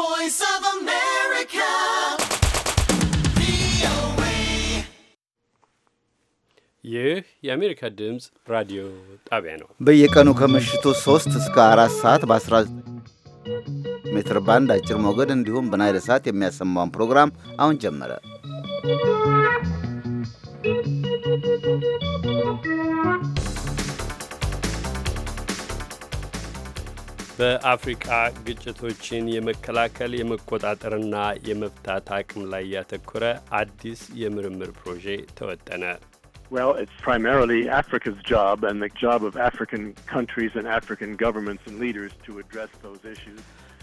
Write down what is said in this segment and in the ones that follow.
voice of America. ይህ የአሜሪካ ድምፅ ራዲዮ ጣቢያ ነው። በየቀኑ ከምሽቱ 3 እስከ 4 ሰዓት በ19 ሜትር ባንድ አጭር ሞገድ እንዲሁም በናይል ሰዓት የሚያሰማውን ፕሮግራም አሁን ጀመረ። ግጭቶችን የመከላከል የመቆጣጠርና የመፍታት አቅም ላይ ያተኮረ አዲስ የምርምር ተወጠነ። Well, it's primarily Africa's job and the job of African countries and African governments and leaders to address those issues.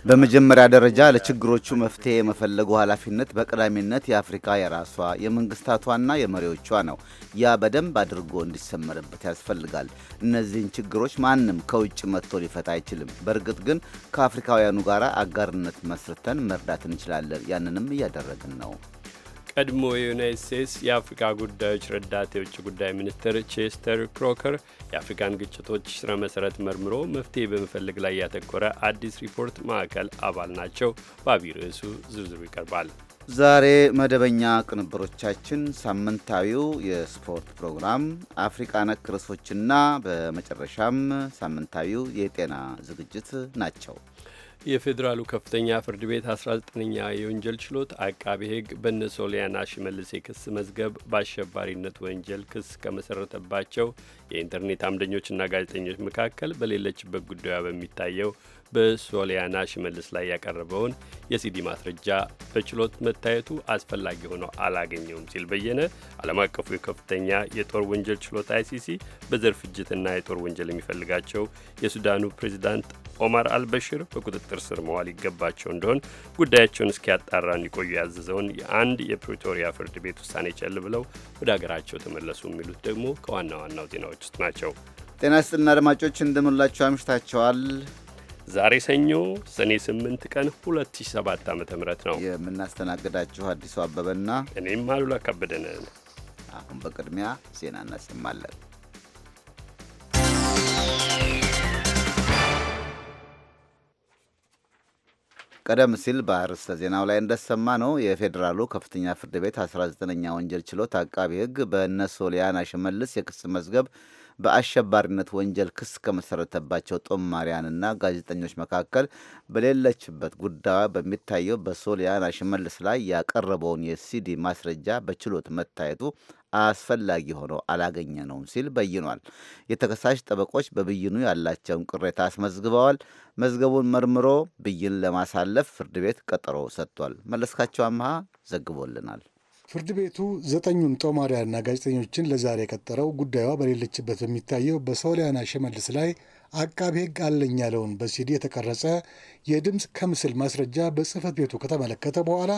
በመጀመሪያ ደረጃ ለችግሮቹ መፍትሄ የመፈለጉ ኃላፊነት በቀዳሚነት የአፍሪካ የራሷ የመንግስታቷና የመሪዎቿ ነው። ያ በደንብ አድርጎ እንዲሰመርበት ያስፈልጋል። እነዚህን ችግሮች ማንም ከውጭ መጥቶ ሊፈታ አይችልም። በእርግጥ ግን ከአፍሪካውያኑ ጋር አጋርነት መስርተን መርዳት እንችላለን። ያንንም እያደረግን ነው። ቀድሞ የዩናይት ስቴትስ የአፍሪካ ጉዳዮች ረዳት የውጭ ጉዳይ ሚኒስትር ቼስተር ክሮከር የአፍሪካን ግጭቶች ስረ መሰረት መርምሮ መፍትሄ በመፈለግ ላይ ያተኮረ አዲስ ሪፖርት ማዕከል አባል ናቸው። በአብይ ርዕሱ ዝርዝሩ ይቀርባል። ዛሬ መደበኛ ቅንብሮቻችን ሳምንታዊው የስፖርት ፕሮግራም፣ አፍሪቃ ነክ ርዕሶችና በመጨረሻም ሳምንታዊው የጤና ዝግጅት ናቸው። የፌዴራሉ ከፍተኛ ፍርድ ቤት 19ኛ የወንጀል ችሎት አቃቤ ሕግ በነ ሶሊያና ሽመልስ መዝገብ በአሸባሪነት ወንጀል ክስ ከመሰረተባቸው የኢንተርኔት አምደኞችና ጋዜጠኞች መካከል በሌለችበት ጉዳዩ በሚታየው በሶሊያና ሽመልስ ላይ ያቀረበውን የሲዲ ማስረጃ በችሎት መታየቱ አስፈላጊ ሆኖ አላገኘውም ሲል በየነ ዓለም አቀፉ የከፍተኛ የጦር ወንጀል ችሎት አይሲሲ በዘር ፍጅትና የጦር ወንጀል የሚፈልጋቸው የሱዳኑ ፕሬዚዳንት ኦማር አልበሽር በቁጥጥር ስር መዋል ይገባቸው እንደሆን ጉዳያቸውን እስኪያጣራ እንዲቆዩ ያዘዘውን የአንድ የፕሪቶሪያ ፍርድ ቤት ውሳኔ ቸል ብለው ወደ አገራቸው ተመለሱ የሚሉት ደግሞ ከዋና ዋናው ዜናዎች ውስጥ ናቸው። ጤና ይስጥና አድማጮች እንደምንላቸው አምሽታቸዋል። ዛሬ ሰኞ ሰኔ 8 ቀን 2007 ዓ ም ነው የምናስተናግዳችሁ አዲሱ አበበና እኔም አሉላ ከበደነን። አሁን በቅድሚያ ዜና እናሰማለን። ቀደም ሲል በአርዕስተ ዜናው ላይ እንደሰማ ነው የፌዴራሉ ከፍተኛ ፍርድ ቤት 19ኛ ወንጀል ችሎት አቃቢ ሕግ በእነ ሶሊያና ሽመልስ የክስ መዝገብ በአሸባሪነት ወንጀል ክስ ከመሰረተባቸው ጦማሪያንና ጋዜጠኞች መካከል በሌለችበት ጉዳዩ በሚታየው በሶሊያና ሽመልስ ላይ ያቀረበውን የሲዲ ማስረጃ በችሎት መታየቱ አስፈላጊ ሆኖ አላገኘ ነውም ሲል በይኗል። የተከሳሽ ጠበቆች በብይኑ ያላቸውን ቅሬታ አስመዝግበዋል። መዝገቡን መርምሮ ብይን ለማሳለፍ ፍርድ ቤት ቀጠሮ ሰጥቷል። መለስካቸው አምሃ ዘግቦልናል። ፍርድ ቤቱ ዘጠኙን ጦማሪያና ጋዜጠኞችን ለዛሬ የቀጠረው ጉዳዩ በሌለችበት በሚታየው በሶሊያና ሽመልስ ላይ አቃቤ ሕግ አለኝ ያለውን በሲዲ የተቀረጸ የድምፅ ከምስል ማስረጃ በጽህፈት ቤቱ ከተመለከተ በኋላ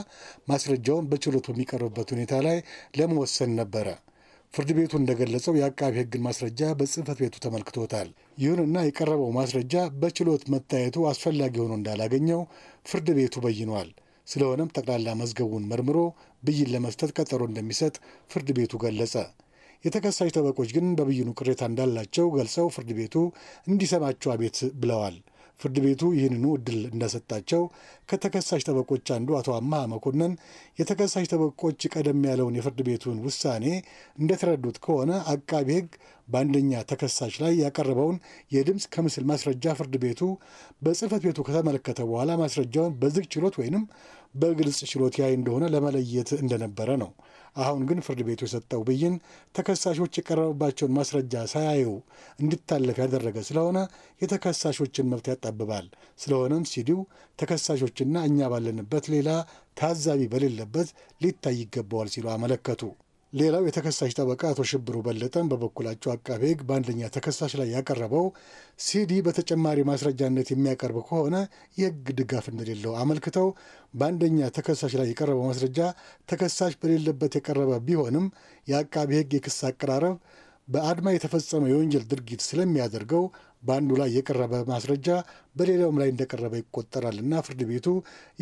ማስረጃውን በችሎት በሚቀርብበት ሁኔታ ላይ ለመወሰን ነበረ። ፍርድ ቤቱ እንደገለጸው የአቃቤ ሕግን ማስረጃ በጽህፈት ቤቱ ተመልክቶታል። ይሁንና የቀረበው ማስረጃ በችሎት መታየቱ አስፈላጊ ሆኖ እንዳላገኘው ፍርድ ቤቱ በይኗል። ስለሆነም ጠቅላላ መዝገቡን መርምሮ ብይን ለመስጠት ቀጠሮ እንደሚሰጥ ፍርድ ቤቱ ገለጸ። የተከሳሽ ጠበቆች ግን በብይኑ ቅሬታ እንዳላቸው ገልጸው ፍርድ ቤቱ እንዲሰማቸው አቤት ብለዋል። ፍርድ ቤቱ ይህንኑ እድል እንደሰጣቸው ከተከሳሽ ጠበቆች አንዱ አቶ አማሃ መኮንን የተከሳሽ ጠበቆች ቀደም ያለውን የፍርድ ቤቱን ውሳኔ እንደተረዱት ከሆነ አቃቢ ሕግ በአንደኛ ተከሳሽ ላይ ያቀረበውን የድምፅ ከምስል ማስረጃ ፍርድ ቤቱ በጽህፈት ቤቱ ከተመለከተ በኋላ ማስረጃውን በዝግ ችሎት ወይንም በግልጽ ችሎት ያይ እንደሆነ ለመለየት እንደነበረ ነው። አሁን ግን ፍርድ ቤቱ የሰጠው ብይን ተከሳሾች የቀረበባቸውን ማስረጃ ሳያዩ እንዲታለፍ ያደረገ ስለሆነ የተከሳሾችን መብት ያጣብባል። ስለሆነም ሲዲው ተከሳሾችና እኛ ባለንበት ሌላ ታዛቢ በሌለበት ሊታይ ይገባዋል ሲሉ አመለከቱ። ሌላው የተከሳሽ ጠበቃ አቶ ሽብሩ በለጠም በበኩላቸው አቃቤ ሕግ በአንደኛ ተከሳሽ ላይ ያቀረበው ሲዲ በተጨማሪ ማስረጃነት የሚያቀርብ ከሆነ የሕግ ድጋፍ እንደሌለው አመልክተው በአንደኛ ተከሳሽ ላይ የቀረበው ማስረጃ ተከሳሽ በሌለበት የቀረበ ቢሆንም የአቃቤ ሕግ የክስ አቀራረብ በአድማ የተፈጸመ የወንጀል ድርጊት ስለሚያደርገው በአንዱ ላይ የቀረበ ማስረጃ በሌላውም ላይ እንደቀረበ ይቆጠራልና ፍርድ ቤቱ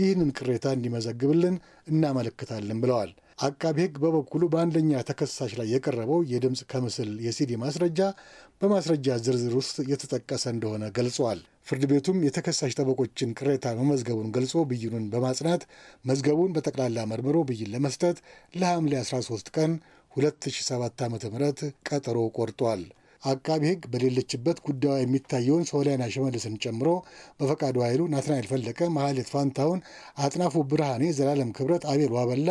ይህንን ቅሬታ እንዲመዘግብልን እናመለክታለን ብለዋል። አቃቢ ሕግ በበኩሉ በአንደኛ ተከሳሽ ላይ የቀረበው የድምፅ ከምስል የሲዲ ማስረጃ በማስረጃ ዝርዝር ውስጥ የተጠቀሰ እንደሆነ ገልጿል። ፍርድ ቤቱም የተከሳሽ ጠበቆችን ቅሬታ መመዝገቡን ገልጾ ብይኑን በማጽናት መዝገቡን በጠቅላላ መርምሮ ብይን ለመስጠት ለሐምሌ 13 ቀን 2007 ዓ ም ቀጠሮ ቆርጧል። አቃቢ ሕግ በሌለችበት ጉዳዩ የሚታየውን ሶሊያና ሽመልስን ጨምሮ በፈቃዱ ኃይሉ፣ ናትናኤል ፈለቀ፣ መሐሌት ፋንታሁን፣ አጥናፉ ብርሃኔ፣ ዘላለም ክብረት፣ አቤል ዋበላ፣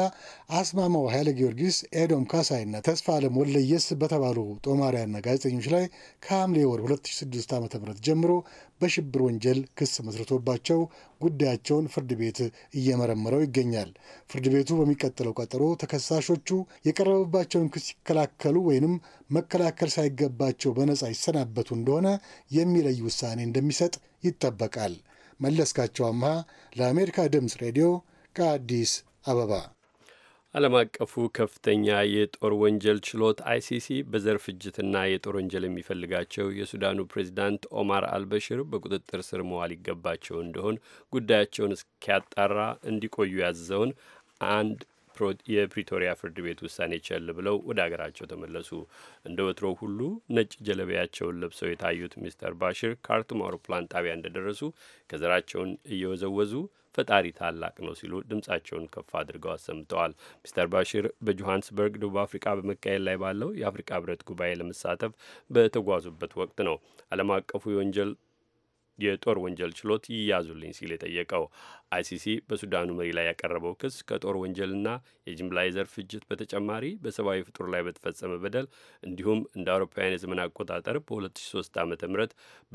አስማማው ኃይለ ጊዮርጊስ፣ ኤዶም ካሳይና ተስፋ አለም ወለየስ በተባሉ ጦማሪያና ጋዜጠኞች ላይ ከሐምሌ ወር 2006 ዓ ም ጀምሮ በሽብር ወንጀል ክስ መስርቶባቸው ጉዳያቸውን ፍርድ ቤት እየመረመረው ይገኛል። ፍርድ ቤቱ በሚቀጥለው ቀጠሮ ተከሳሾቹ የቀረበባቸውን ክስ ሲከላከሉ ወይንም መከላከል ሳይገባቸው በነፃ ይሰናበቱ እንደሆነ የሚለይ ውሳኔ እንደሚሰጥ ይጠበቃል። መለስካቸው አምሃ ለአሜሪካ ድምፅ ሬዲዮ ከአዲስ አበባ ዓለም አቀፉ ከፍተኛ የጦር ወንጀል ችሎት አይሲሲ በዘር ፍጅትና የጦር ወንጀል የሚፈልጋቸው የሱዳኑ ፕሬዚዳንት ኦማር አልበሽር በቁጥጥር ስር መዋል ይገባቸው እንደሆን ጉዳያቸውን እስኪያጣራ እንዲቆዩ ያዘውን አንድ የፕሪቶሪያ ፍርድ ቤት ውሳኔ ቸል ብለው ወደ አገራቸው ተመለሱ። እንደ ወትሮ ሁሉ ነጭ ጀለቢያቸውን ለብሰው የታዩት ሚስተር ባሽር ካርቱም አውሮፕላን ጣቢያ እንደደረሱ ከዘራቸውን እየወዘወዙ ፈጣሪ ታላቅ ነው ሲሉ ድምጻቸውን ከፍ አድርገው አሰምተዋል። ሚስተር ባሽር በጆሃንስበርግ ደቡብ አፍሪካ በመካሄድ ላይ ባለው የአፍሪካ ህብረት ጉባኤ ለመሳተፍ በተጓዙበት ወቅት ነው ዓለም አቀፉ የወንጀል የጦር ወንጀል ችሎት ይያዙልኝ ሲል የጠየቀው አይሲሲ በሱዳኑ መሪ ላይ ያቀረበው ክስ ከጦር ወንጀልና የጅምላ የዘር ፍጅት በተጨማሪ በሰብአዊ ፍጡር ላይ በተፈጸመ በደል እንዲሁም እንደ አውሮፓውያን የዘመን አቆጣጠር በ2003 ዓ ም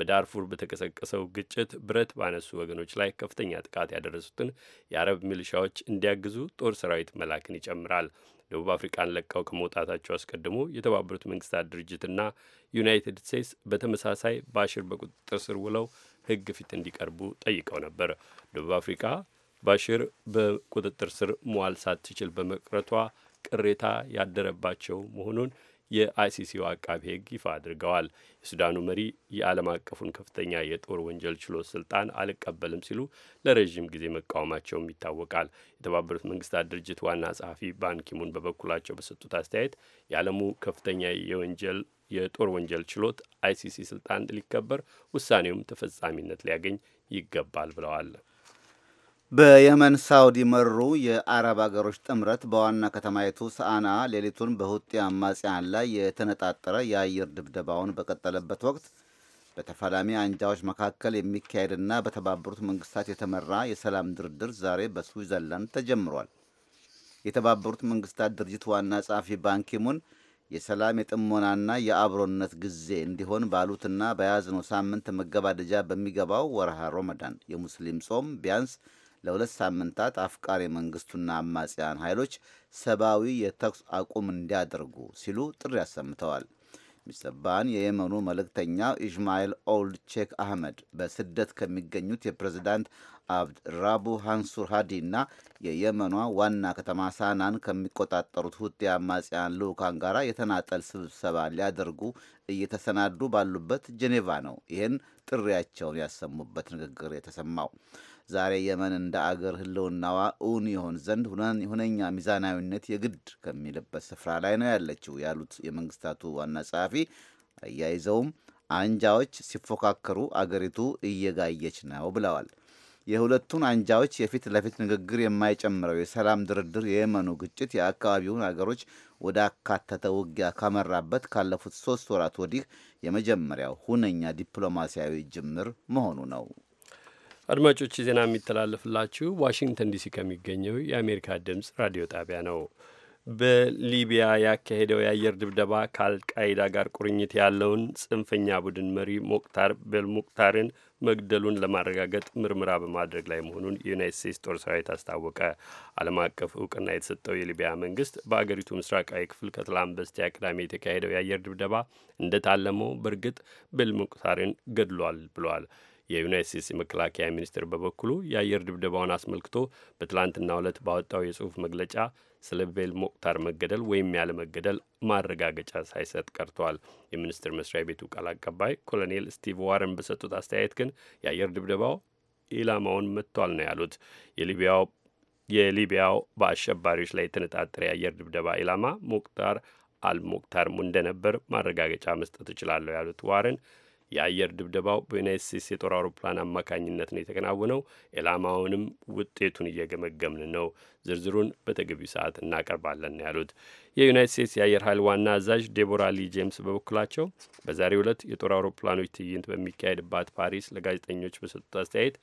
በዳርፉር በተቀሰቀሰው ግጭት ብረት ባነሱ ወገኖች ላይ ከፍተኛ ጥቃት ያደረሱትን የአረብ ሚሊሻዎች እንዲያግዙ ጦር ሰራዊት መላክን ይጨምራል። ደቡብ አፍሪቃን ለቀው ከመውጣታቸው አስቀድሞ የተባበሩት መንግስታት ድርጅትና ዩናይትድ ስቴትስ በተመሳሳይ ባሽር በቁጥጥር ስር ውለው ሕግ ፊት እንዲቀርቡ ጠይቀው ነበር። ደቡብ አፍሪካ ባሽር በቁጥጥር ስር መዋል ሳትችል በመቅረቷ ቅሬታ ያደረባቸው መሆኑን የአይሲሲው አቃቢ ሕግ ይፋ አድርገዋል። የሱዳኑ መሪ የዓለም አቀፉን ከፍተኛ የጦር ወንጀል ችሎት ስልጣን አልቀበልም ሲሉ ለረዥም ጊዜ መቃወማቸውም ይታወቃል። የተባበሩት መንግስታት ድርጅት ዋና ጸሐፊ ባንኪሙን በበኩላቸው በሰጡት አስተያየት የዓለሙ ከፍተኛ የወንጀል የጦር ወንጀል ችሎት አይሲሲ ስልጣን ሊከበር ውሳኔውም ተፈጻሚነት ሊያገኝ ይገባል ብለዋል። በየመን ሳውዲ መሩ የአረብ አገሮች ጥምረት በዋና ከተማይቱ ሰአና ሌሊቱን በሁጢ አማጽያን ላይ የተነጣጠረ የአየር ድብደባውን በቀጠለበት ወቅት በተፋላሚ አንጃዎች መካከል የሚካሄድና በተባበሩት መንግስታት የተመራ የሰላም ድርድር ዛሬ በስዊዘርላንድ ተጀምሯል። የተባበሩት መንግስታት ድርጅት ዋና ጸሐፊ ባንኪሙን የሰላም የጥሞናና የአብሮነት ጊዜ እንዲሆን ባሉትና በያዝነው ሳምንት መገባደጃ በሚገባው ወርሃ ሮመዳን የሙስሊም ጾም ቢያንስ ለሁለት ሳምንታት አፍቃሪ መንግስቱና አማጽያን ኃይሎች ሰብአዊ የተኩስ አቁም እንዲያደርጉ ሲሉ ጥሪ አሰምተዋል። ሚስተር ባን የየመኑ መልእክተኛ ኢስማኤል ኦልድ ቼክ አህመድ በስደት ከሚገኙት የፕሬዚዳንት አብድ ራቡ ሃንሱር ሃዲ እና የየመኗ ዋና ከተማ ሳናን ከሚቆጣጠሩት ሁቲ አማጽያን ልዑካን ጋር የተናጠል ስብሰባ ሊያደርጉ እየተሰናዱ ባሉበት ጄኔቫ ነው ይህን ጥሪያቸውን ያሰሙበት ንግግር የተሰማው። ዛሬ የመን እንደ አገር ህልውናዋ እውን ይሆን ዘንድ ሁነኛ ሚዛናዊነት የግድ ከሚልበት ስፍራ ላይ ነው ያለችው ያሉት የመንግስታቱ ዋና ጸሐፊ አያይዘውም አንጃዎች ሲፎካከሩ አገሪቱ እየጋየች ነው ብለዋል። የሁለቱን አንጃዎች የፊት ለፊት ንግግር የማይጨምረው የሰላም ድርድር የየመኑ ግጭት የአካባቢውን አገሮች ወደ አካተተ ውጊያ ካመራበት ካለፉት ሶስት ወራት ወዲህ የመጀመሪያው ሁነኛ ዲፕሎማሲያዊ ጅምር መሆኑ ነው። አድማጮች ዜና የሚተላለፍላችሁ ዋሽንግተን ዲሲ ከሚገኘው የአሜሪካ ድምፅ ራዲዮ ጣቢያ ነው። በሊቢያ ያካሄደው የአየር ድብደባ ከአልቃይዳ ጋር ቁርኝት ያለውን ጽንፈኛ ቡድን መሪ ሞቅታር ቤልሙቅታርን መግደሉን ለማረጋገጥ ምርመራ በማድረግ ላይ መሆኑን የዩናይት ስቴትስ ጦር ሰራዊት አስታወቀ። ዓለም አቀፍ እውቅና የተሰጠው የሊቢያ መንግስት በአገሪቱ ምስራቃዊ ክፍል ከትላንት በስቲያ ቅዳሜ የተካሄደው የአየር ድብደባ እንደታለመው በእርግጥ ቤልሙቅታርን ገድሏል ብሏል። የዩናይት ስቴትስ የመከላከያ ሚኒስቴር በበኩሉ የአየር ድብደባውን አስመልክቶ በትላንትናው ዕለት ባወጣው የጽሁፍ መግለጫ ስለ ቤል ሞቅታር መገደል ወይም ያለመገደል ማረጋገጫ ሳይሰጥ ቀርቷል። የሚኒስትር መስሪያ ቤቱ ቃል አቀባይ ኮሎኔል ስቲቭ ዋረን በሰጡት አስተያየት ግን የአየር ድብደባው ኢላማውን መጥቷል ነው ያሉት። የሊቢያው የሊቢያው በአሸባሪዎች ላይ የተነጣጠረ የአየር ድብደባ ኢላማ ሞቅታር አልሞቅታርም እንደነበር ማረጋገጫ መስጠት እችላለሁ ያሉት ዋረን የአየር ድብደባው በዩናይት ስቴትስ የጦር አውሮፕላን አማካኝነት ነው የተከናወነው። ኢላማውንም ውጤቱን እየገመገምን ነው። ዝርዝሩን በተገቢው ሰዓት እናቀርባለን ያሉት። የዩናይት ስቴትስ የአየር ኃይል ዋና አዛዥ ዴቦራ ሊ ጄምስ በበኩላቸው በዛሬው ዕለት የጦር አውሮፕላኖች ትዕይንት በሚካሄድባት ፓሪስ ለጋዜጠኞች በሰጡት አስተያየት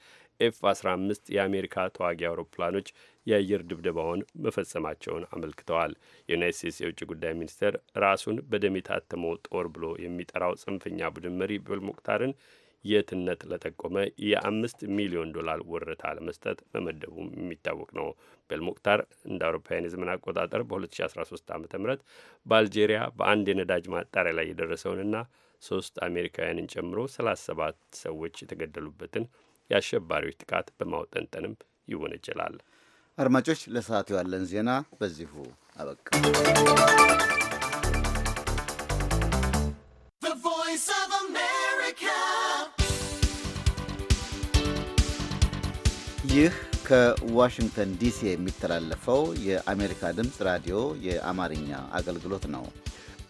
ኤፍ 15 የአሜሪካ ተዋጊ አውሮፕላኖች የአየር ድብደባውን መፈጸማቸውን አመልክተዋል። የዩናይት ስቴትስ የውጭ ጉዳይ ሚኒስቴር ራሱን በደም የታተመው ጦር ብሎ የሚጠራው ጽንፈኛ ቡድን መሪ በልሙቅታርን የትነት ለጠቆመ የአምስት ሚሊዮን ዶላር ወረታ ለመስጠት መመደቡም የሚታወቅ ነው። ቤልሙቅታር እንደ አውሮፓውያን የዘመን አቆጣጠር በ2013 ዓ ም በአልጄሪያ በአንድ የነዳጅ ማጣሪያ ላይ የደረሰውንና ሶስት አሜሪካውያንን ጨምሮ 37 ሰዎች የተገደሉበትን የአሸባሪዎች ጥቃት በማውጠንጠንም ይወነጀላል። አድማጮች፣ ለሰዓት ያለን ዜና በዚሁ አበቃ። ይህ ከዋሽንግተን ዲሲ የሚተላለፈው የአሜሪካ ድምፅ ራዲዮ የአማርኛ አገልግሎት ነው።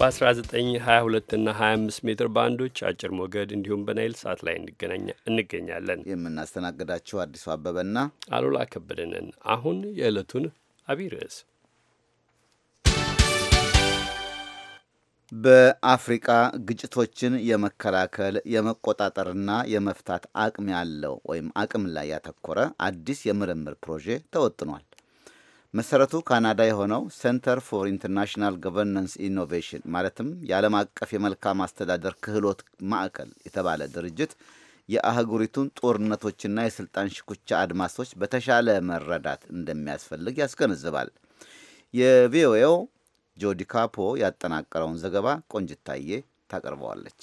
በ1922 እና 25 ሜትር ባንዶች አጭር ሞገድ እንዲሁም በናይል ሰዓት ላይ እንገኛለን። የምናስተናግዳችሁ አዲሱ አበበና አሉላ ከበደንን። አሁን የዕለቱን አብይ ርዕስ በአፍሪቃ ግጭቶችን የመከላከል የመቆጣጠርና የመፍታት አቅም ያለው ወይም አቅም ላይ ያተኮረ አዲስ የምርምር ፕሮጄ ተወጥኗል። መሰረቱ ካናዳ የሆነው ሴንተር ፎር ኢንተርናሽናል ገቨርናንስ ኢኖቬሽን ማለትም የዓለም አቀፍ የመልካም አስተዳደር ክህሎት ማዕከል የተባለ ድርጅት የአህጉሪቱን ጦርነቶችና የስልጣን ሽኩቻ አድማሶች በተሻለ መረዳት እንደሚያስፈልግ ያስገነዝባል። የቪኦኤው ጆዲ ካፖ ያጠናቀረውን ዘገባ ቆንጅታዬ ታቀርበዋለች።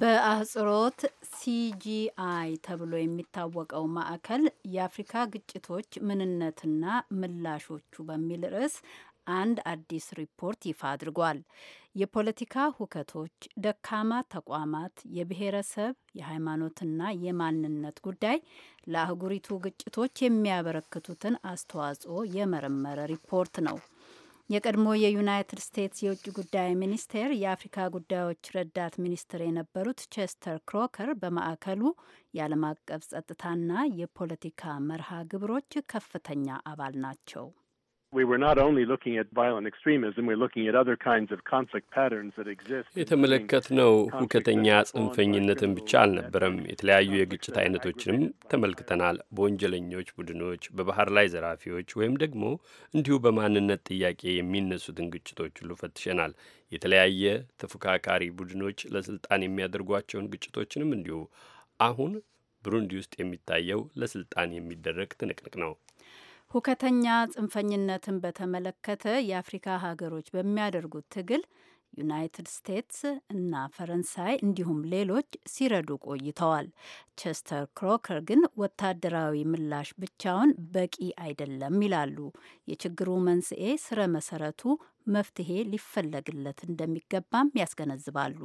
በአህጽሮት ሲጂአይ ተብሎ የሚታወቀው ማዕከል የአፍሪካ ግጭቶች ምንነትና ምላሾቹ በሚል ርዕስ አንድ አዲስ ሪፖርት ይፋ አድርጓል። የፖለቲካ ሁከቶች፣ ደካማ ተቋማት፣ የብሔረሰብ የሃይማኖትና የማንነት ጉዳይ ለአህጉሪቱ ግጭቶች የሚያበረክቱትን አስተዋጽኦ የመረመረ ሪፖርት ነው። የቀድሞ የዩናይትድ ስቴትስ የውጭ ጉዳይ ሚኒስቴር የአፍሪካ ጉዳዮች ረዳት ሚኒስትር የነበሩት ቼስተር ክሮከር በማዕከሉ የዓለም አቀፍ ጸጥታና የፖለቲካ መርሃ ግብሮች ከፍተኛ አባል ናቸው። የተመለከትነው ሁከተኛ ጽንፈኝነትን ብቻ አልነበረም። የተለያዩ የግጭት አይነቶችንም ተመልክተናል። በወንጀለኞች ቡድኖች፣ በባህር ላይ ዘራፊዎች ወይም ደግሞ እንዲሁ በማንነት ጥያቄ የሚነሱትን ግጭቶች ሁሉ ፈትሸናል። የተለያየ ተፎካካሪ ቡድኖች ለስልጣን የሚያደርጓቸውን ግጭቶችንም እንዲሁ። አሁን ብሩንዲ ውስጥ የሚታየው ለስልጣን የሚደረግ ትንቅንቅ ነው። ሁከተኛ ጽንፈኝነትን በተመለከተ የአፍሪካ ሀገሮች በሚያደርጉት ትግል ዩናይትድ ስቴትስ እና ፈረንሳይ እንዲሁም ሌሎች ሲረዱ ቆይተዋል። ቸስተር ክሮከር ግን ወታደራዊ ምላሽ ብቻውን በቂ አይደለም ይላሉ። የችግሩ መንስኤ ስረ መሰረቱ መፍትሄ ሊፈለግለት እንደሚገባም ያስገነዝባሉ።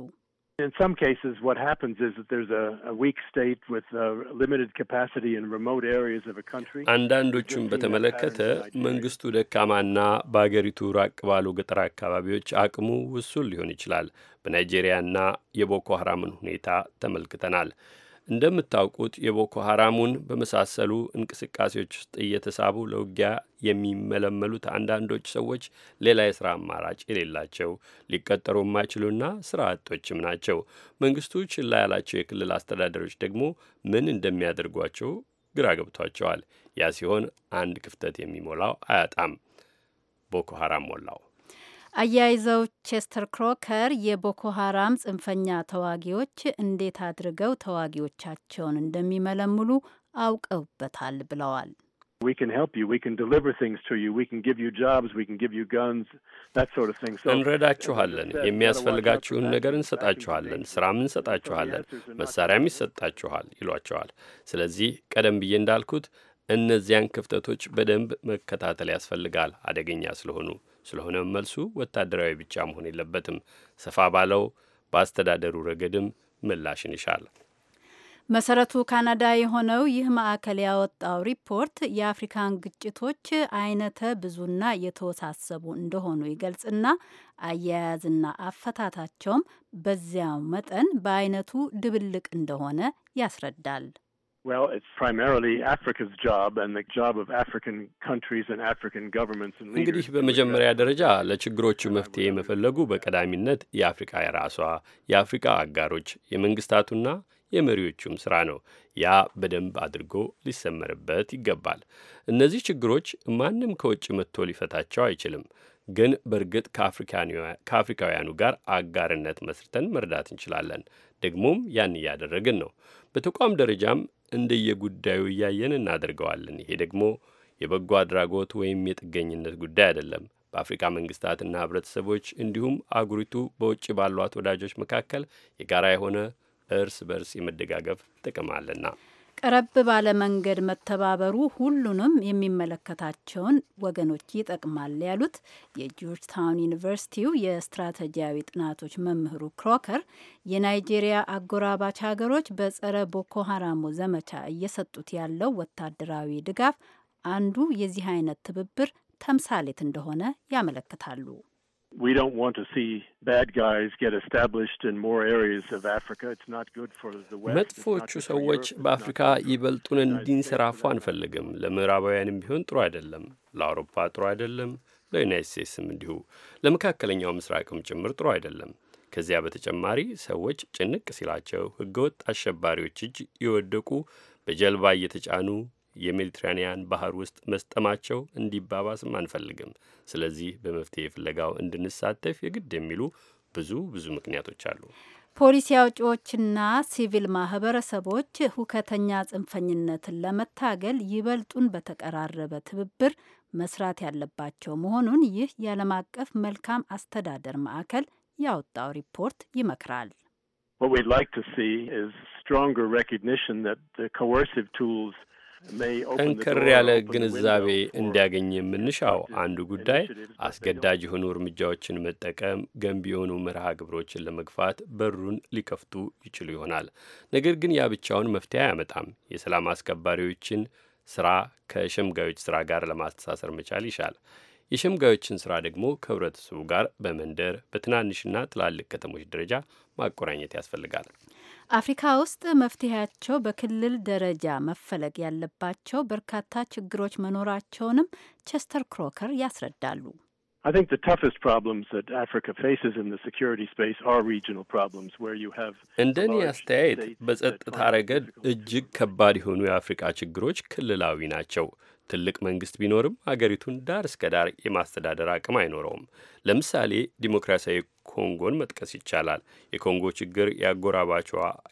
In some cases, what happens is that there's a, a weak state with a limited capacity in remote areas of a country. አንዳንዶቹን በተመለከተ መንግስቱ ደካማና በአገሪቱ ራቅ ባሉ ገጠር አካባቢዎች አቅሙ ውሱን ሊሆን ይችላል። በናይጄሪያና የቦኮ ሀራምን ሁኔታ ተመልክተናል። እንደምታውቁት የቦኮ ሀራሙን በመሳሰሉ እንቅስቃሴዎች ውስጥ እየተሳቡ ለውጊያ የሚመለመሉት አንዳንዶች ሰዎች ሌላ የስራ አማራጭ የሌላቸው ሊቀጠሩ የማይችሉና ስራ አጦችም ናቸው። መንግስቱ ችላ ያላቸው የክልል አስተዳደሮች ደግሞ ምን እንደሚያደርጓቸው ግራ ገብቷቸዋል። ያ ሲሆን አንድ ክፍተት የሚሞላው አያጣም። ቦኮ ሀራም ሞላው። አያይዘው ቼስተር ክሮከር የቦኮ ሀራም ጽንፈኛ ተዋጊዎች እንዴት አድርገው ተዋጊዎቻቸውን እንደሚመለምሉ አውቀውበታል ብለዋል። እንረዳችኋለን፣ uh, የሚያስፈልጋችሁን uh, ነገር እንሰጣችኋለን፣ ስራም እንሰጣችኋለን፣ መሳሪያም ይሰጣችኋል ይሏቸዋል። ስለዚህ ቀደም ብዬ እንዳልኩት እነዚያን ክፍተቶች በደንብ መከታተል ያስፈልጋል አደገኛ ስለሆኑ ስለሆነም መልሱ ወታደራዊ ብቻ መሆን የለበትም። ሰፋ ባለው በአስተዳደሩ ረገድም ምላሽን ይሻል። መሰረቱ ካናዳ የሆነው ይህ ማዕከል ያወጣው ሪፖርት የአፍሪካን ግጭቶች አይነተ ብዙና የተወሳሰቡ እንደሆኑ ይገልጽና አያያዝና አፈታታቸውም በዚያው መጠን በአይነቱ ድብልቅ እንደሆነ ያስረዳል። Well, it's primarily Africa's job and the job of African countries and African governments and leaders. እንግዲህ በመጀመሪያ ደረጃ ለችግሮቹ መፍትሄ መፈለጉ በቀዳሚነት የአፍሪካ የራሷ የአፍሪካ አጋሮች የመንግስታቱና የመሪዎቹም ስራ ነው። ያ በደንብ አድርጎ ሊሰመርበት ይገባል። እነዚህ ችግሮች ማንም ከውጭ መጥቶ ሊፈታቸው አይችልም። ግን በእርግጥ ከአፍሪካውያኑ ጋር አጋርነት መስርተን መርዳት እንችላለን። ደግሞም ያን እያደረግን ነው። በተቋም ደረጃም እንደየጉዳዩ እያየን እናደርገዋለን። ይሄ ደግሞ የበጎ አድራጎት ወይም የጥገኝነት ጉዳይ አይደለም። በአፍሪካ መንግስታትና ህብረተሰቦች እንዲሁም አጉሪቱ በውጭ ባሏት ወዳጆች መካከል የጋራ የሆነ እርስ በርስ የመደጋገፍ ጥቅም አለና ቀረብ ባለ መንገድ መተባበሩ ሁሉንም የሚመለከታቸውን ወገኖች ይጠቅማል ያሉት የጆርጅ ታውን ዩኒቨርሲቲው የስትራቴጂያዊ ጥናቶች መምህሩ ክሮከር የናይጄሪያ አጎራባች ሀገሮች በጸረ ቦኮ ሀራሙ ዘመቻ እየሰጡት ያለው ወታደራዊ ድጋፍ አንዱ የዚህ አይነት ትብብር ተምሳሌት እንደሆነ ያመለክታሉ። We don't want to see bad guys get established in more areas of Africa. It's not good for the West. መጥፎቹ ሰዎች በአፍሪካ ይበልጡን እንዲንሰራፉ አንፈልግም። ለምዕራባውያንም ቢሆን ጥሩ አይደለም፣ ለአውሮፓ ጥሩ አይደለም፣ ለዩናይት ስቴትስም እንዲሁ፣ ለመካከለኛው ምስራቅም ጭምር ጥሩ አይደለም። ከዚያ በተጨማሪ ሰዎች ጭንቅ ሲላቸው ህገወጥ አሸባሪዎች እጅ የወደቁ በጀልባ እየተጫኑ የሜዲትራኒያን ባህር ውስጥ መስጠማቸው እንዲባባስም አንፈልግም። ስለዚህ በመፍትሄ ፍለጋው እንድንሳተፍ የግድ የሚሉ ብዙ ብዙ ምክንያቶች አሉ። ፖሊሲ አውጪዎችና ሲቪል ማህበረሰቦች ሁከተኛ ጽንፈኝነትን ለመታገል ይበልጡን በተቀራረበ ትብብር መስራት ያለባቸው መሆኑን ይህ የዓለም አቀፍ መልካም አስተዳደር ማዕከል ያወጣው ሪፖርት ይመክራል። ጠንከር ያለ ግንዛቤ እንዲያገኝ የምንሻው አንዱ ጉዳይ አስገዳጅ የሆኑ እርምጃዎችን መጠቀም ገንቢ የሆኑ መርሃ ግብሮችን ለመግፋት በሩን ሊከፍቱ ይችሉ ይሆናል። ነገር ግን ያ ብቻውን መፍትሄ አያመጣም። የሰላም አስከባሪዎችን ስራ ከሸምጋዮች ስራ ጋር ለማስተሳሰር መቻል ይሻል። የሸምጋዮችን ስራ ደግሞ ከህብረተሰቡ ጋር በመንደር በትናንሽና ትላልቅ ከተሞች ደረጃ ማቆራኘት ያስፈልጋል። አፍሪካ ውስጥ መፍትሄያቸው በክልል ደረጃ መፈለግ ያለባቸው በርካታ ችግሮች መኖራቸውንም ቸስተር ክሮከር ያስረዳሉ። እንደ እኔ አስተያየት በጸጥታ ረገድ እጅግ ከባድ የሆኑ የአፍሪቃ ችግሮች ክልላዊ ናቸው። ትልቅ መንግስት ቢኖርም አገሪቱን ዳር እስከ ዳር የማስተዳደር አቅም አይኖረውም። ለምሳሌ ዲሞክራሲያዊ ኮንጎን መጥቀስ ይቻላል። የኮንጎ ችግር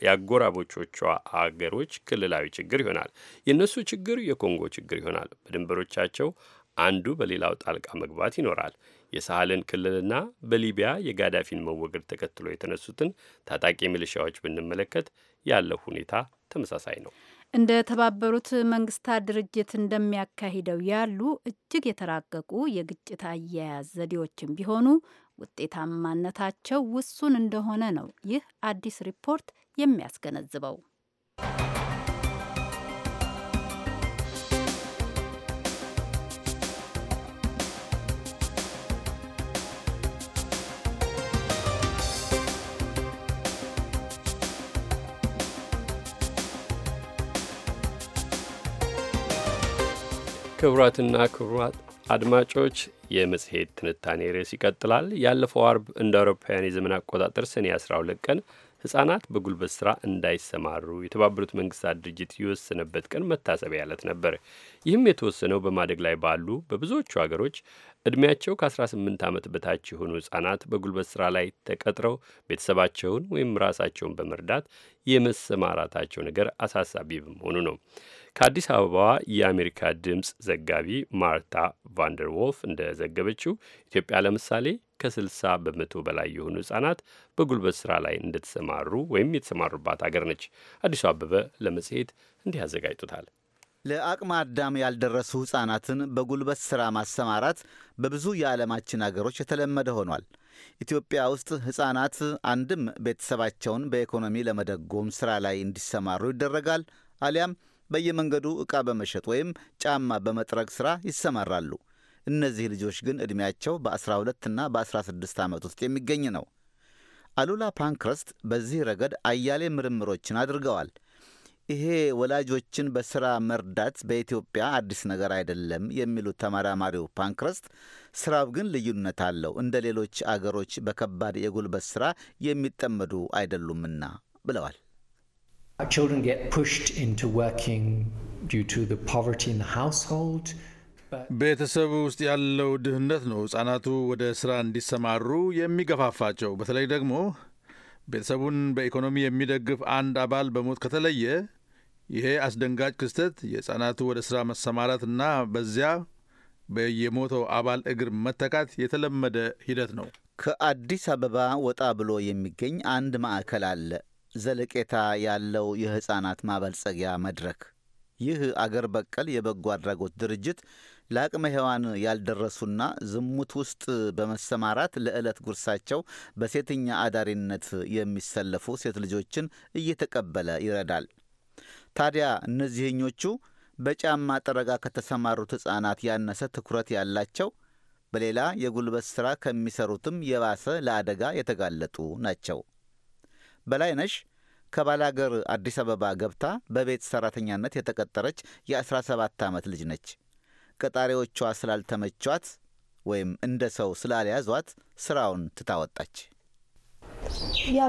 የአጎራባቾቿ አገሮች ክልላዊ ችግር ይሆናል። የእነሱ ችግር የኮንጎ ችግር ይሆናል። በድንበሮቻቸው አንዱ በሌላው ጣልቃ መግባት ይኖራል። የሳህልን ክልልና በሊቢያ የጋዳፊን መወገድ ተከትሎ የተነሱትን ታጣቂ ሚሊሻዎች ብንመለከት ያለው ሁኔታ ተመሳሳይ ነው። እንደ ተባበሩት መንግስታት ድርጅት እንደሚያካሂደው ያሉ እጅግ የተራቀቁ የግጭት አያያዝ ዘዴዎችን ቢሆኑ ውጤታማነታቸው ውሱን እንደሆነ ነው ይህ አዲስ ሪፖርት የሚያስገነዝበው። ክቡራትና ክቡራት አድማጮች የመጽሔት ትንታኔ ርዕስ ይቀጥላል። ያለፈው አርብ እንደ አውሮፓውያን የዘመን አቆጣጠር ሰኔ 12 ቀን ህጻናት በጉልበት ስራ እንዳይሰማሩ የተባበሩት መንግስታት ድርጅት የወሰነበት ቀን መታሰቢያ ዕለት ነበር። ይህም የተወሰነው በማደግ ላይ ባሉ በብዙዎቹ ሀገሮች ዕድሜያቸው ከ18 ዓመት በታች የሆኑ ህጻናት በጉልበት ስራ ላይ ተቀጥረው ቤተሰባቸውን ወይም ራሳቸውን በመርዳት የመሰማራታቸው ነገር አሳሳቢ በመሆኑ ነው። ከአዲስ አበባዋ የአሜሪካ ድምፅ ዘጋቢ ማርታ ቫንደርዎልፍ እንደዘገበችው ኢትዮጵያ ለምሳሌ ከ60 በመቶ በላይ የሆኑ ህጻናት በጉልበት ሥራ ላይ እንደተሰማሩ ወይም የተሰማሩባት አገር ነች። አዲሱ አበበ ለመጽሔት እንዲህ አዘጋጅቶታል። ለአቅመ አዳም ያልደረሱ ሕፃናትን በጉልበት ሥራ ማሰማራት በብዙ የዓለማችን አገሮች የተለመደ ሆኗል። ኢትዮጵያ ውስጥ ሕፃናት አንድም ቤተሰባቸውን በኢኮኖሚ ለመደጎም ሥራ ላይ እንዲሰማሩ ይደረጋል አሊያም በየመንገዱ ዕቃ በመሸጥ ወይም ጫማ በመጥረግ ሥራ ይሰማራሉ። እነዚህ ልጆች ግን ዕድሜያቸው በ12 እና በ16 ዓመት ውስጥ የሚገኝ ነው። አሉላ ፓንክረስት በዚህ ረገድ አያሌ ምርምሮችን አድርገዋል። ይሄ ወላጆችን በሥራ መርዳት በኢትዮጵያ አዲስ ነገር አይደለም የሚሉት ተመራማሪው ፓንክረስት፣ ስራው ግን ልዩነት አለው፣ እንደ ሌሎች አገሮች በከባድ የጉልበት ሥራ የሚጠመዱ አይደሉምና ብለዋል። Our children get pushed into working due to the poverty in the household. ቤተሰብ ውስጥ ያለው ድህነት ነው ህጻናቱ ወደ ስራ እንዲሰማሩ የሚገፋፋቸው። በተለይ ደግሞ ቤተሰቡን በኢኮኖሚ የሚደግፍ አንድ አባል በሞት ከተለየ ይሄ አስደንጋጭ ክስተት የህጻናቱ ወደ ስራ እና በዚያ በየሞተው አባል እግር መተካት የተለመደ ሂደት ነው። ከአዲስ አበባ ወጣ ብሎ የሚገኝ አንድ ማዕከል አለ። ዘለቄታ ያለው የሕፃናት ማበልጸጊያ መድረክ ይህ አገር በቀል የበጎ አድራጎት ድርጅት ለአቅመ ሔዋን ያልደረሱና ዝሙት ውስጥ በመሰማራት ለዕለት ጉርሳቸው በሴተኛ አዳሪነት የሚሰለፉ ሴት ልጆችን እየተቀበለ ይረዳል። ታዲያ እነዚህኞቹ በጫማ ጠረጋ ከተሰማሩት ሕፃናት ያነሰ ትኩረት ያላቸው፣ በሌላ የጉልበት ሥራ ከሚሰሩትም የባሰ ለአደጋ የተጋለጡ ናቸው። በላይነሽ ከባላገር አዲስ አበባ ገብታ በቤት ሰራተኛነት የተቀጠረች የ17 ዓመት ልጅ ነች። ቀጣሪዎቿ ስላልተመቿት ወይም እንደ ሰው ስላልያዟት ስራውን ትታወጣች። ያ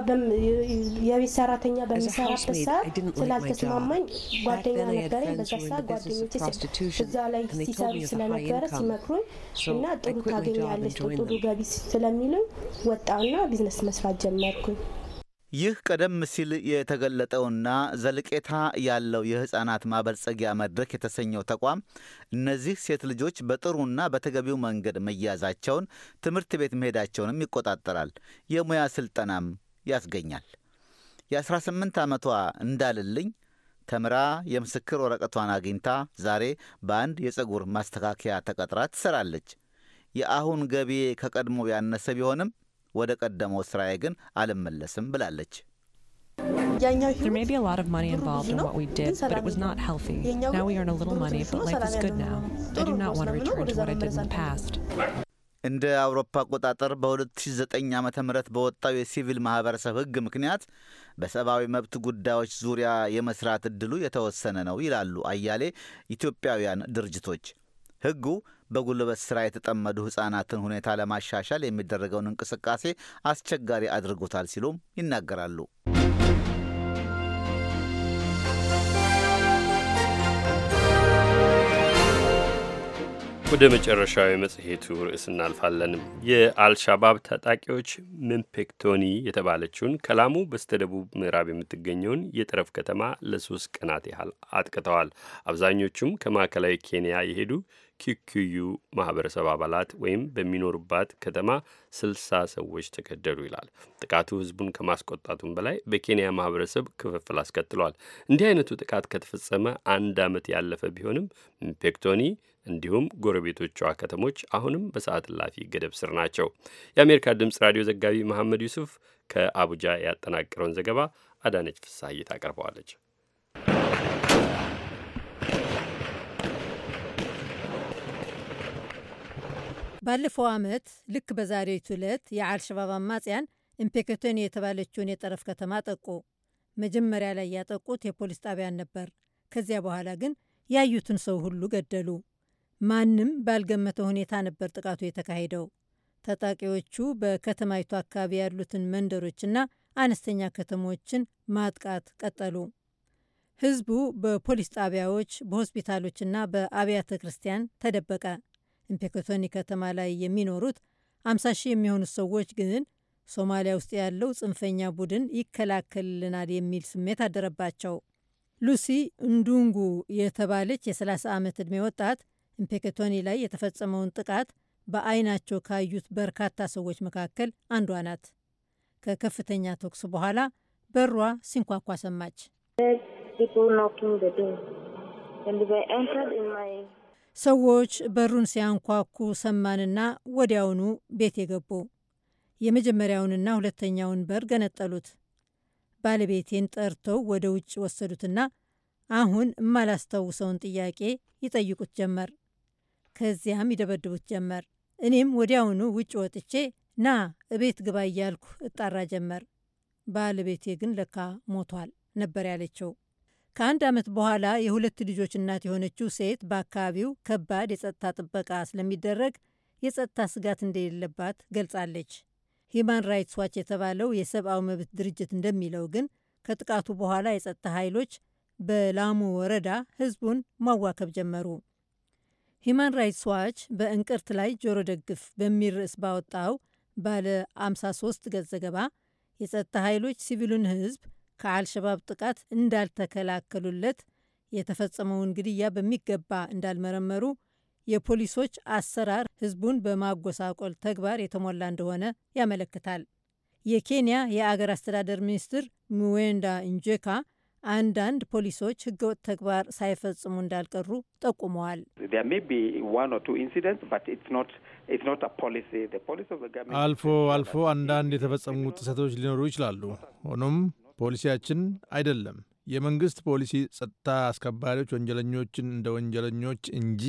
የቤት ሰራተኛ በሚሰራበት ሰዓት ስላልተስማማኝ ጓደኛ ነበረኝ። በዛ ሰዓት ጓደኞቼ እዛ ላይ ሲሰሩ ስለነበረ ሲመክሩኝ እና ጥሩ ታገኛለች ጥሩ ገቢ ስለሚሉኝ ወጣውና ቢዝነስ መስራት ጀመርኩኝ። ይህ ቀደም ሲል የተገለጠውና ዘልቄታ ያለው የሕፃናት ማበልጸጊያ መድረክ የተሰኘው ተቋም እነዚህ ሴት ልጆች በጥሩና በተገቢው መንገድ መያዛቸውን፣ ትምህርት ቤት መሄዳቸውንም ይቆጣጠራል፣ የሙያ ስልጠናም ያስገኛል። የ18 ዓመቷ እንዳልልኝ ተምራ የምስክር ወረቀቷን አግኝታ ዛሬ በአንድ የፀጉር ማስተካከያ ተቀጥራ ትሰራለች። የአሁን ገቢዬ ከቀድሞ ያነሰ ቢሆንም ወደ ቀደመው ስራዬ ግን አልመለስም ብላለች። እንደ አውሮፓ አቆጣጠር በ2009 ዓ ም በወጣው የሲቪል ማህበረሰብ ሕግ ምክንያት በሰብአዊ መብት ጉዳዮች ዙሪያ የመስራት እድሉ የተወሰነ ነው ይላሉ አያሌ ኢትዮጵያውያን ድርጅቶች። ሕጉ በጉልበት ሥራ የተጠመዱ ሕፃናትን ሁኔታ ለማሻሻል የሚደረገውን እንቅስቃሴ አስቸጋሪ አድርጎታል ሲሉም ይናገራሉ። ወደ መጨረሻዊ መጽሔቱ ርዕስ እናልፋለን የአልሻባብ ታጣቂዎች ምንፔክቶኒ የተባለችውን ከላሙ በስተደቡብ ምዕራብ የምትገኘውን የጠረፍ ከተማ ለሶስት ቀናት ያህል አጥቅተዋል። አብዛኞቹም ከማዕከላዊ ኬንያ የሄዱ ኪኪዩ ማህበረሰብ አባላት ወይም በሚኖሩባት ከተማ ስልሳ ሰዎች ተገደሉ ይላል። ጥቃቱ ህዝቡን ከማስቆጣቱም በላይ በኬንያ ማህበረሰብ ክፍፍል አስከትሏል። እንዲህ አይነቱ ጥቃት ከተፈጸመ አንድ ዓመት ያለፈ ቢሆንም ምንፔክቶኒ እንዲሁም ጎረቤቶቿ ከተሞች አሁንም በሰዓት እላፊ ገደብ ስር ናቸው። የአሜሪካ ድምፅ ራዲዮ ዘጋቢ መሐመድ ዩሱፍ ከአቡጃ ያጠናቀረውን ዘገባ አዳነች ፍስሐዬ ታቀርበዋለች። ባለፈው ዓመት ልክ በዛሬቱ ዕለት የአልሸባብ አማጽያን ኢምፔከቶኒ የተባለችውን የጠረፍ ከተማ ጠቁ። መጀመሪያ ላይ ያጠቁት የፖሊስ ጣቢያን ነበር። ከዚያ በኋላ ግን ያዩትን ሰው ሁሉ ገደሉ። ማንም ባልገመተ ሁኔታ ነበር ጥቃቱ የተካሄደው። ታጣቂዎቹ በከተማይቱ አካባቢ ያሉትን መንደሮችና አነስተኛ ከተሞችን ማጥቃት ቀጠሉ። ህዝቡ በፖሊስ ጣቢያዎች፣ በሆስፒታሎችና በአብያተ ክርስቲያን ተደበቀ። ኢምፔኮቶኒ ከተማ ላይ የሚኖሩት 50 ሺህ የሚሆኑት ሰዎች ግን ሶማሊያ ውስጥ ያለው ጽንፈኛ ቡድን ይከላከልልናል የሚል ስሜት አደረባቸው። ሉሲ እንዱንጉ የተባለች የ30 ዓመት ዕድሜ ወጣት ኢምፔኬቶኒ ላይ የተፈጸመውን ጥቃት በአይናቸው ካዩት በርካታ ሰዎች መካከል አንዷ ናት። ከከፍተኛ ተኩስ በኋላ በሯ ሲንኳኳ ሰማች። ሰዎች በሩን ሲያንኳኩ ሰማንና ወዲያውኑ ቤት የገቡ የመጀመሪያውንና ሁለተኛውን በር ገነጠሉት። ባለቤቴን ጠርተው ወደ ውጭ ወሰዱትና አሁን የማላስታውሰውን ጥያቄ ይጠይቁት ጀመር። ከዚያም ይደበድቡት ጀመር። እኔም ወዲያውኑ ውጭ ወጥቼ ና እቤት ግባ እያልኩ እጣራ ጀመር። ባለቤቴ ግን ለካ ሞቷል ነበር ያለችው። ከአንድ ዓመት በኋላ የሁለት ልጆች እናት የሆነችው ሴት በአካባቢው ከባድ የጸጥታ ጥበቃ ስለሚደረግ የጸጥታ ስጋት እንደሌለባት ገልጻለች። ሂማን ራይትስ ዋች የተባለው የሰብአዊ መብት ድርጅት እንደሚለው ግን ከጥቃቱ በኋላ የጸጥታ ኃይሎች በላሙ ወረዳ ህዝቡን ማዋከብ ጀመሩ። ሂማን ራይትስ ዋች በእንቅርት ላይ ጆሮ ደግፍ በሚል ርዕስ ባወጣው ባለ 53 ገጽ ዘገባ የጸጥታ ኃይሎች ሲቪሉን ሕዝብ ከአልሸባብ ጥቃት እንዳልተከላከሉለት፣ የተፈጸመውን ግድያ በሚገባ እንዳልመረመሩ፣ የፖሊሶች አሰራር ሕዝቡን በማጎሳቆል ተግባር የተሞላ እንደሆነ ያመለክታል። የኬንያ የአገር አስተዳደር ሚኒስትር ሙዌንዳ እንጄካ አንዳንድ ፖሊሶች ህገወጥ ተግባር ሳይፈጽሙ እንዳልቀሩ ጠቁመዋል። አልፎ አልፎ አንዳንድ የተፈጸሙ ጥሰቶች ሊኖሩ ይችላሉ። ሆኖም ፖሊሲያችን አይደለም። የመንግስት ፖሊሲ ጸጥታ አስከባሪዎች ወንጀለኞችን እንደ ወንጀለኞች እንጂ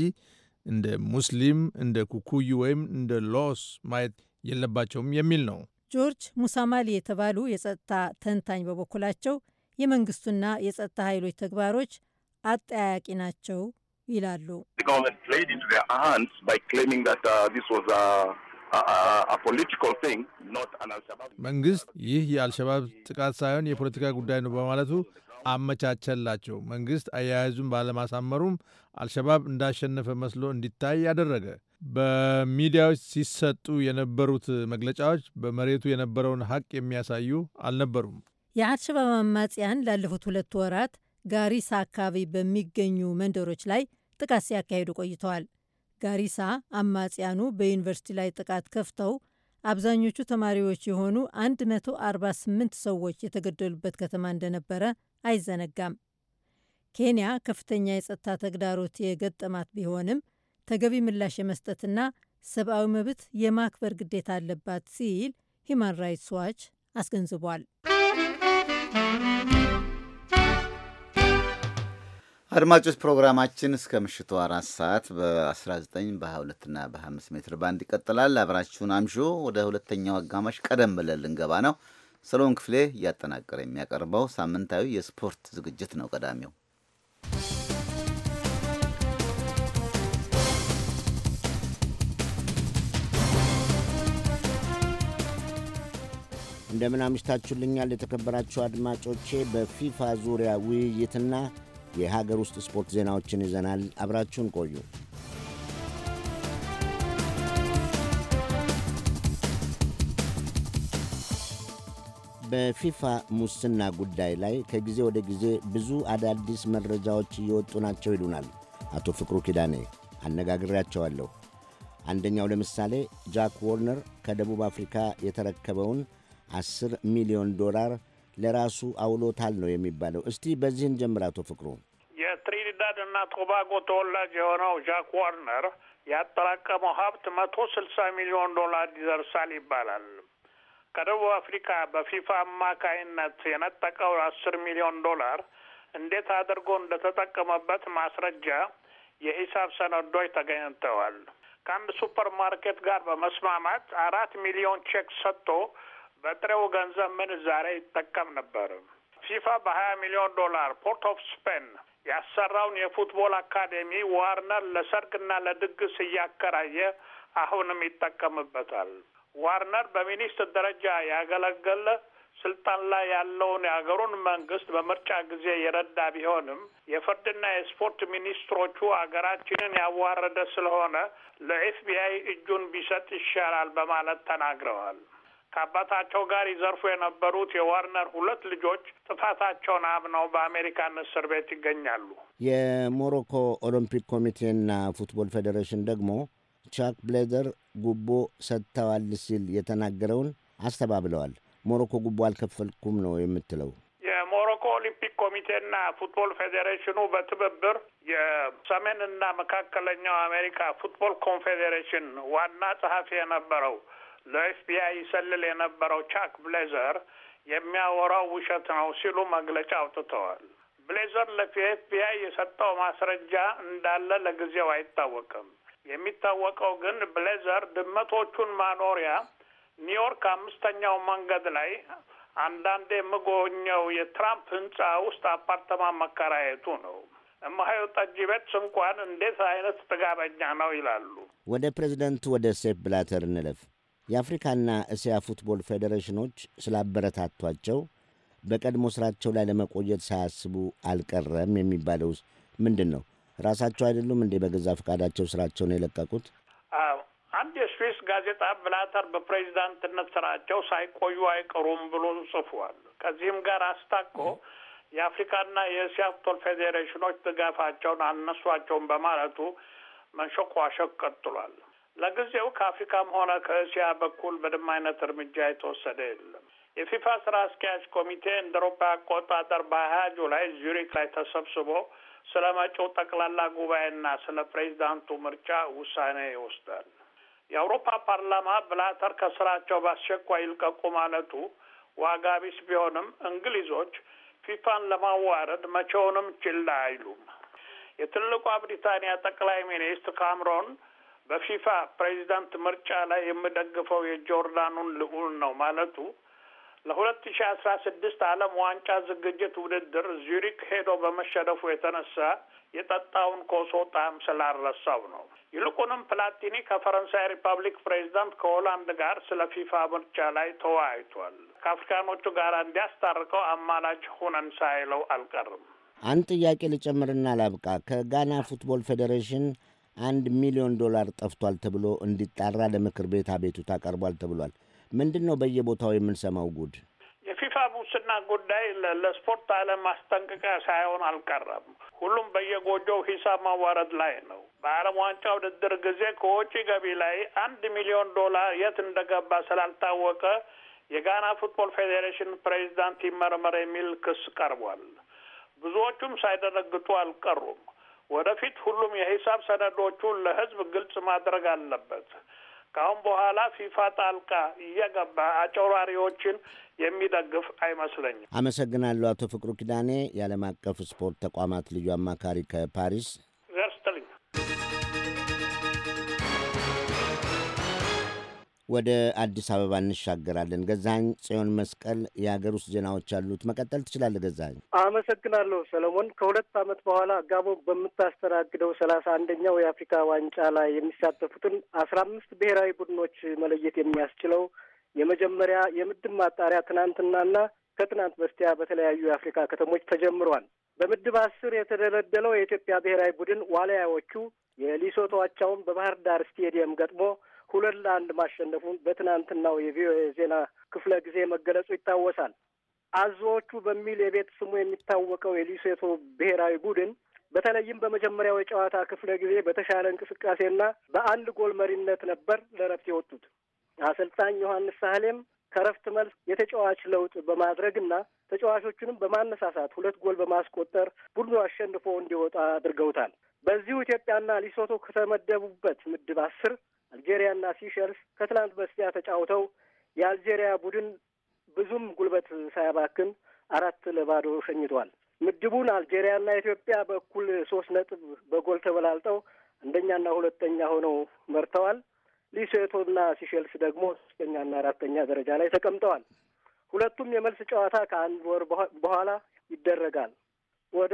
እንደ ሙስሊም፣ እንደ ኩኩይ ወይም እንደ ሎስ ማየት የለባቸውም የሚል ነው። ጆርጅ ሙሳማሊ የተባሉ የጸጥታ ተንታኝ በበኩላቸው የመንግስቱና የጸጥታ ኃይሎች ተግባሮች አጠያያቂ ናቸው ይላሉ። uh, መንግስት ይህ የአልሸባብ ጥቃት ሳይሆን የፖለቲካ ጉዳይ ነው በማለቱ አመቻቸላቸው። መንግስት አያያዙን ባለማሳመሩም አልሸባብ እንዳሸነፈ መስሎ እንዲታይ ያደረገ። በሚዲያዎች ሲሰጡ የነበሩት መግለጫዎች በመሬቱ የነበረውን ሀቅ የሚያሳዩ አልነበሩም። የአልሸባብ አማጽያን ላለፉት ሁለት ወራት ጋሪሳ አካባቢ በሚገኙ መንደሮች ላይ ጥቃት ሲያካሂዱ ቆይተዋል። ጋሪሳ አማጽያኑ በዩኒቨርሲቲ ላይ ጥቃት ከፍተው አብዛኞቹ ተማሪዎች የሆኑ 148 ሰዎች የተገደሉበት ከተማ እንደነበረ አይዘነጋም። ኬንያ ከፍተኛ የጸጥታ ተግዳሮት የገጠማት ቢሆንም ተገቢ ምላሽ የመስጠትና ሰብአዊ መብት የማክበር ግዴታ አለባት ሲል ሂማን ራይትስ ዋች አስገንዝቧል። አድማጮች ፕሮግራማችን እስከ ምሽቱ አራት ሰዓት በ19 በ22ና በ25 ሜትር ባንድ ይቀጥላል። አብራችሁን አምሹ። ወደ ሁለተኛው አጋማሽ ቀደም ብለን ልንገባ ነው። ሰሎን ክፍሌ እያጠናቀረ የሚያቀርበው ሳምንታዊ የስፖርት ዝግጅት ነው። ቀዳሚው እንደምን አምሽታችሁልኛል የተከበራችሁ አድማጮቼ። በፊፋ ዙሪያ ውይይትና የሀገር ውስጥ ስፖርት ዜናዎችን ይዘናል። አብራችሁን ቆዩ። በፊፋ ሙስና ጉዳይ ላይ ከጊዜ ወደ ጊዜ ብዙ አዳዲስ መረጃዎች እየወጡ ናቸው ይሉናል አቶ ፍቅሩ ኪዳኔ። አነጋግሬያቸዋለሁ። አንደኛው ለምሳሌ ጃክ ዎርነር ከደቡብ አፍሪካ የተረከበውን 10 ሚሊዮን ዶላር ለራሱ አውሎታል ነው የሚባለው። እስቲ በዚህን ጀምር አቶ ፍቅሩ። የትሪኒዳድ እና ቶባጎ ተወላጅ የሆነው ጃክ ዋርነር ያጠራቀመው ሀብት መቶ ስልሳ ሚሊዮን ዶላር ይደርሳል ይባላል። ከደቡብ አፍሪካ በፊፋ አማካይነት የነጠቀው አስር ሚሊዮን ዶላር እንዴት አድርጎ እንደተጠቀመበት ማስረጃ የሂሳብ ሰነዶች ተገኝተዋል። ከአንድ ሱፐር ማርኬት ጋር በመስማማት አራት ሚሊዮን ቼክ ሰጥቶ በጥሬው ገንዘብ ምንዛሬ ይጠቀም ነበር። ፊፋ በሀያ ሚሊዮን ዶላር ፖርት ኦፍ ስፔን ያሰራውን የፉትቦል አካዴሚ ዋርነር ለሰርግና ለድግስ እያከራየ አሁንም ይጠቀምበታል። ዋርነር በሚኒስትር ደረጃ ያገለገለ ስልጣን ላይ ያለውን የሀገሩን መንግስት በምርጫ ጊዜ የረዳ ቢሆንም የፍርድና የስፖርት ሚኒስትሮቹ ሀገራችንን ያዋረደ ስለሆነ ለኤፍቢአይ እጁን ቢሰጥ ይሻላል በማለት ተናግረዋል። ከአባታቸው ጋር ይዘርፉ የነበሩት የዋርነር ሁለት ልጆች ጥፋታቸውን አምነው በአሜሪካን እስር ቤት ይገኛሉ። የሞሮኮ ኦሎምፒክ ኮሚቴና ፉትቦል ፌዴሬሽን ደግሞ ቻክ ብሌዘር ጉቦ ሰጥተዋል ሲል የተናገረውን አስተባብለዋል። ሞሮኮ ጉቦ አልከፈልኩም ነው የምትለው። የሞሮኮ ኦሊምፒክ ኮሚቴና ፉትቦል ፌዴሬሽኑ በትብብር የሰሜንና መካከለኛው አሜሪካ ፉትቦል ኮንፌዴሬሽን ዋና ጸሐፊ የነበረው ለኤፍቢአይ ይሰልል የነበረው ቻክ ብሌዘር የሚያወራው ውሸት ነው ሲሉ መግለጫ አውጥተዋል። ብሌዘር ለኤፍቢአይ የሰጠው ማስረጃ እንዳለ ለጊዜው አይታወቅም። የሚታወቀው ግን ብሌዘር ድመቶቹን ማኖሪያ ኒውዮርክ አምስተኛው መንገድ ላይ አንዳንዴ የምጎኘው የትራምፕ ህንጻ ውስጥ አፓርተማ መከራየቱ ነው። እማሀዩ ጠጅ ቤት እንኳን እንዴት አይነት ጥጋበኛ ነው ይላሉ። ወደ ፕሬዚደንቱ ወደ ሴፕ ብላተር እንለፍ። የአፍሪካና እስያ ፉትቦል ፌዴሬሽኖች ስላበረታቷቸው በቀድሞ ስራቸው ላይ ለመቆየት ሳያስቡ አልቀረም የሚባለው ምንድን ነው? ራሳቸው አይደሉም እንዴ በገዛ ፈቃዳቸው ስራቸውን የለቀቁት? አንድ የስዊስ ጋዜጣ ብላተር በፕሬዚዳንትነት ስራቸው ሳይቆዩ አይቀሩም ብሎ ጽፏል። ከዚህም ጋር አስታቆ የአፍሪካና የእስያ ፉትቦል ፌዴሬሽኖች ድጋፋቸውን አነሷቸውን በማለቱ መንሸኳሸቅ ቀጥሏል። ለጊዜው ከአፍሪካም ሆነ ከእስያ በኩል ምንም አይነት እርምጃ የተወሰደ የለም። የፊፋ ስራ አስኪያጅ ኮሚቴ እንደ አውሮፓ አቆጣጠር በሀያ ጁላይ ዙሪክ ላይ ተሰብስቦ ስለ መጪው ጠቅላላ ጉባኤና ስለ ፕሬዚዳንቱ ምርጫ ውሳኔ ይወስዳል። የአውሮፓ ፓርላማ ብላተር ከስራቸው በአስቸኳይ ይልቀቁ ማለቱ ዋጋ ቢስ ቢሆንም እንግሊዞች ፊፋን ለማዋረድ መቼውንም ችላ አይሉም። የትልቋ ብሪታንያ ጠቅላይ ሚኒስትር ካምሮን በፊፋ ፕሬዚዳንት ምርጫ ላይ የምደግፈው የጆርዳኑን ልዑል ነው ማለቱ ለሁለት ሺ አስራ ስድስት ዓለም ዋንጫ ዝግጅት ውድድር ዙሪክ ሄዶ በመሸነፉ የተነሳ የጠጣውን ኮሶ ጣዕም ስላረሳው ነው። ይልቁንም ፕላቲኒ ከፈረንሳይ ሪፐብሊክ ፕሬዚዳንት ከሆላንድ ጋር ስለ ፊፋ ምርጫ ላይ ተወያይቷል። ከአፍሪካኖቹ ጋር እንዲያስታርቀው አማላጅ ሁነን ሳይለው አልቀርም። አንድ ጥያቄ ልጨምርና ላብቃ። ከጋና ፉትቦል ፌዴሬሽን አንድ ሚሊዮን ዶላር ጠፍቷል ተብሎ እንዲጣራ ለምክር ቤት አቤቱታ ቀርቧል ተብሏል። ምንድን ነው በየቦታው የምንሰማው ጉድ? የፊፋ ሙስና ጉዳይ ለስፖርት ዓለም ማስጠንቀቂያ ሳይሆን አልቀረም። ሁሉም በየጎጆው ሂሳብ ማዋረድ ላይ ነው። በዓለም ዋንጫ ውድድር ጊዜ ከወጪ ገቢ ላይ አንድ ሚሊዮን ዶላር የት እንደገባ ስላልታወቀ የጋና ፉትቦል ፌዴሬሽን ፕሬዚዳንት ይመርመር የሚል ክስ ቀርቧል። ብዙዎቹም ሳይደነግጡ አልቀሩም። ወደፊት ሁሉም የሂሳብ ሰነዶቹን ለህዝብ ግልጽ ማድረግ አለበት። ከአሁን በኋላ ፊፋ ጣልቃ እየገባ አጨራሪዎችን የሚደግፍ አይመስለኝም። አመሰግናለሁ። አቶ ፍቅሩ ኪዳኔ የዓለም አቀፍ ስፖርት ተቋማት ልዩ አማካሪ ከፓሪስ ወደ አዲስ አበባ እንሻገራለን። ገዛኝ ጽዮን መስቀል የሀገር ውስጥ ዜናዎች ያሉት መቀጠል ትችላለህ። ገዛኝ። አመሰግናለሁ ሰለሞን። ከሁለት ዓመት በኋላ ጋቦ በምታስተናግደው ሰላሳ አንደኛው የአፍሪካ ዋንጫ ላይ የሚሳተፉትን አስራ አምስት ብሔራዊ ቡድኖች መለየት የሚያስችለው የመጀመሪያ የምድብ ማጣሪያ ትናንትናና ከትናንት በስቲያ በተለያዩ የአፍሪካ ከተሞች ተጀምሯል። በምድብ አስር የተደለደለው የኢትዮጵያ ብሔራዊ ቡድን ዋልያዎቹ የሊሶቶ አቻውን በባህር ዳር ስቴዲየም ገጥሞ ሁለት ለአንድ ማሸነፉን በትናንትናው የቪኦኤ ዜና ክፍለ ጊዜ መገለጹ ይታወሳል። አዞዎቹ በሚል የቤት ስሙ የሚታወቀው የሊሴቶ ብሔራዊ ቡድን በተለይም በመጀመሪያው የጨዋታ ክፍለ ጊዜ በተሻለ እንቅስቃሴና በአንድ ጎል መሪነት ነበር ለረፍት የወጡት። አሰልጣኝ ዮሐንስ ሳህሌም ከረፍት መልስ የተጫዋች ለውጥ በማድረግና ተጫዋቾቹንም በማነሳሳት ሁለት ጎል በማስቆጠር ቡድኑ አሸንፎ እንዲወጣ አድርገውታል። በዚሁ ኢትዮጵያና ሊሶቶ ከተመደቡበት ምድብ አስር አልጄሪያና ሲሸልስ ከትላንት በስቲያ ተጫውተው የአልጄሪያ ቡድን ብዙም ጉልበት ሳያባክን አራት ለባዶ ሸኝቷል። ምድቡን አልጄሪያና ኢትዮጵያ በኩል ሶስት ነጥብ በጎል ተበላልጠው አንደኛና ሁለተኛ ሆነው መርተዋል። ሊሴቶና ሲሸልስ ደግሞ ሶስተኛና አራተኛ ደረጃ ላይ ተቀምጠዋል። ሁለቱም የመልስ ጨዋታ ከአንድ ወር በኋላ ይደረጋል። ወደ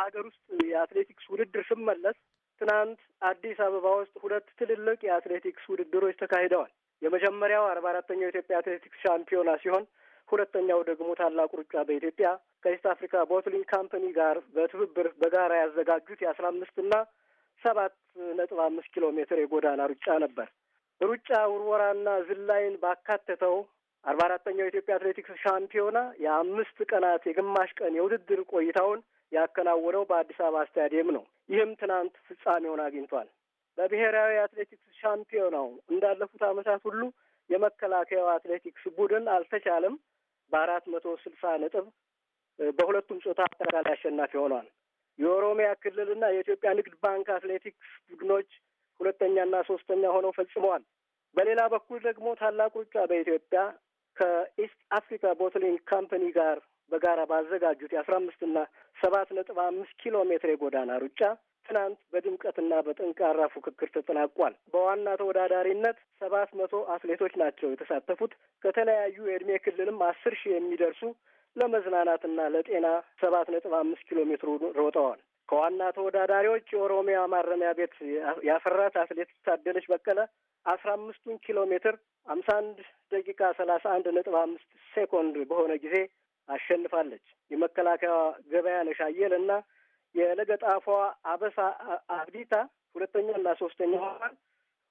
ሀገር ውስጥ የአትሌቲክስ ውድድር ስመለስ ትናንት አዲስ አበባ ውስጥ ሁለት ትልልቅ የአትሌቲክስ ውድድሮች ተካሂደዋል። የመጀመሪያው አርባ አራተኛው የኢትዮጵያ አትሌቲክስ ሻምፒዮና ሲሆን ሁለተኛው ደግሞ ታላቁ ሩጫ በኢትዮጵያ ከኢስት አፍሪካ ቦትሊንግ ካምፓኒ ጋር በትብብር በጋራ ያዘጋጁት የአስራ አምስት እና ሰባት ነጥብ አምስት ኪሎ ሜትር የጎዳና ሩጫ ነበር። ሩጫ ውርወራና ዝላይን ባካተተው አርባ አራተኛው የኢትዮጵያ አትሌቲክስ ሻምፒዮና የአምስት ቀናት የግማሽ ቀን የውድድር ቆይታውን ያከናወነው በአዲስ አበባ ስታዲየም ነው። ይህም ትናንት ፍጻሜውን አግኝቷል። በብሔራዊ አትሌቲክስ ሻምፒዮናው እንዳለፉት ዓመታት ሁሉ የመከላከያው አትሌቲክስ ቡድን አልተቻለም። በአራት መቶ ስልሳ ነጥብ በሁለቱም ጾታ አጠቃላይ አሸናፊ ሆኗል። የኦሮሚያ ክልልና የኢትዮጵያ ንግድ ባንክ አትሌቲክስ ቡድኖች ሁለተኛና ሶስተኛ ሆነው ፈጽመዋል። በሌላ በኩል ደግሞ ታላቁ ሩጫ በኢትዮጵያ ከኢስት አፍሪካ ቦትሊንግ ካምፓኒ ጋር በጋራ ባዘጋጁት የአስራ አምስትና ሰባት ነጥብ አምስት ኪሎ ሜትር የጎዳና ሩጫ ትናንት በድምቀትና በጠንካራ ፉክክር ተጠናቋል። በዋና ተወዳዳሪነት ሰባት መቶ አትሌቶች ናቸው የተሳተፉት። ከተለያዩ የእድሜ ክልልም አስር ሺህ የሚደርሱ ለመዝናናትና ለጤና ሰባት ነጥብ አምስት ኪሎ ሜትሩ ሮጠዋል። ከዋና ተወዳዳሪዎች የኦሮሚያ ማረሚያ ቤት ያፈራት አትሌት ታደለች በቀለ አስራ አምስቱን ኪሎ ሜትር አምሳ አንድ ደቂቃ ሰላሳ አንድ ነጥብ አምስት ሴኮንድ በሆነ ጊዜ አሸንፋለች። የመከላከያ ገበያነሽ አየለ እና የለገጣፏ አበሳ አብዲታ ሁለተኛና ሶስተኛ ሆኗል።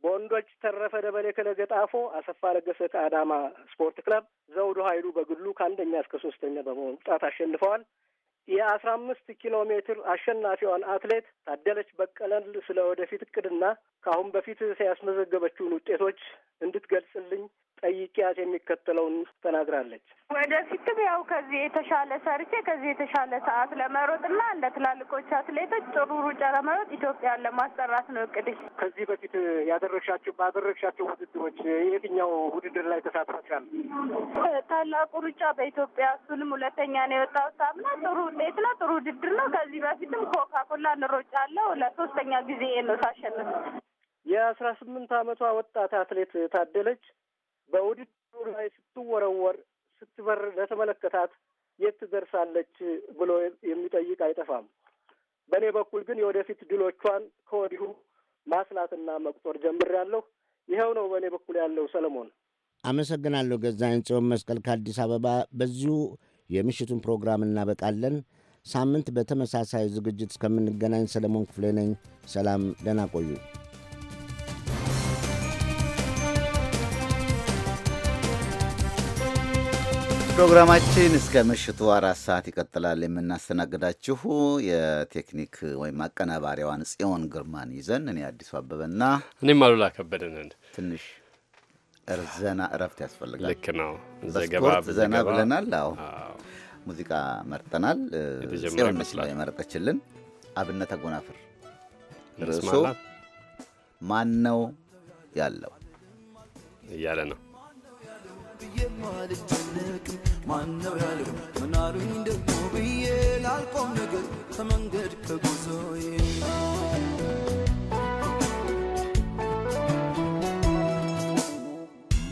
በወንዶች ተረፈ ደበሌ ከለገጣፎ፣ አሰፋ ለገሰ ከአዳማ ስፖርት ክለብ፣ ዘውዱ ኃይሉ በግሉ ከአንደኛ እስከ ሶስተኛ በመውጣት አሸንፈዋል። የአስራ አምስት ኪሎ ሜትር አሸናፊዋን አትሌት ታደለች በቀለል ስለ ወደፊት እቅድና ከአሁን በፊት ሲያስመዘገበችውን ውጤቶች እንድትገልጽልኝ ጠይቂያት የሚከተለውን ተናግራለች። ወደፊትም ያው ከዚህ የተሻለ ሰርቼ ከዚህ የተሻለ ሰዓት ለመሮጥ እና እንደ ትላልቆች አትሌቶች ጥሩ ሩጫ ለመሮጥ ኢትዮጵያን ለማስጠራት ነው እቅድ። ከዚህ በፊት ያደረግሻቸው ባደረግሻቸው ውድድሮች የትኛው ውድድር ላይ ተሳትፋሻል? ታላቁ ሩጫ በኢትዮጵያ እሱንም ሁለተኛ ነው የወጣው ሳምና። ጥሩ ውጤት ነው፣ ጥሩ ውድድር ነው። ከዚህ በፊትም ኮካኮላ እንሮጫለሁ። ለሶስተኛ ጊዜ ነው ሳሸንፍ የአስራ ስምንት ዓመቷ ወጣት አትሌት ታደለች በውድድሩ ላይ ስትወረወር ስትበር ለተመለከታት የት ትደርሳለች ብሎ የሚጠይቅ አይጠፋም። በእኔ በኩል ግን የወደፊት ድሎቿን ከወዲሁ ማስላትና መቁጠር ጀምሬያለሁ። ይኸው ነው በእኔ በኩል ያለው። ሰለሞን አመሰግናለሁ። ገዛኝ ጽዮን መስቀል ከአዲስ አበባ። በዚሁ የምሽቱን ፕሮግራም እናበቃለን። ሳምንት በተመሳሳይ ዝግጅት እስከምንገናኝ ሰለሞን ክፍሌ ነኝ። ሰላም፣ ደህና ቆዩ። ፕሮግራማችን እስከ ምሽቱ አራት ሰዓት ይቀጥላል። የምናስተናግዳችሁ የቴክኒክ ወይም አቀናባሪዋን ጽዮን ግርማን ይዘን እኔ አዲሱ አበበና እኔም አሉላ ከበደንን ትንሽ እርዘና እረፍት ያስፈልጋል። ልክ ነው። በስፖርት ዘና ብለናል። አዎ ሙዚቃ መርጠናል። ጽዮን መስላ የመረጠችልን አብነት አጎናፍር ርዕሱ ማን ነው ያለው እያለ ነው ብዬም አልጨነቅም። ማነው ያለው ምናሉኝ ደግሞ ነገር ከመንገድ ከጉዞዬ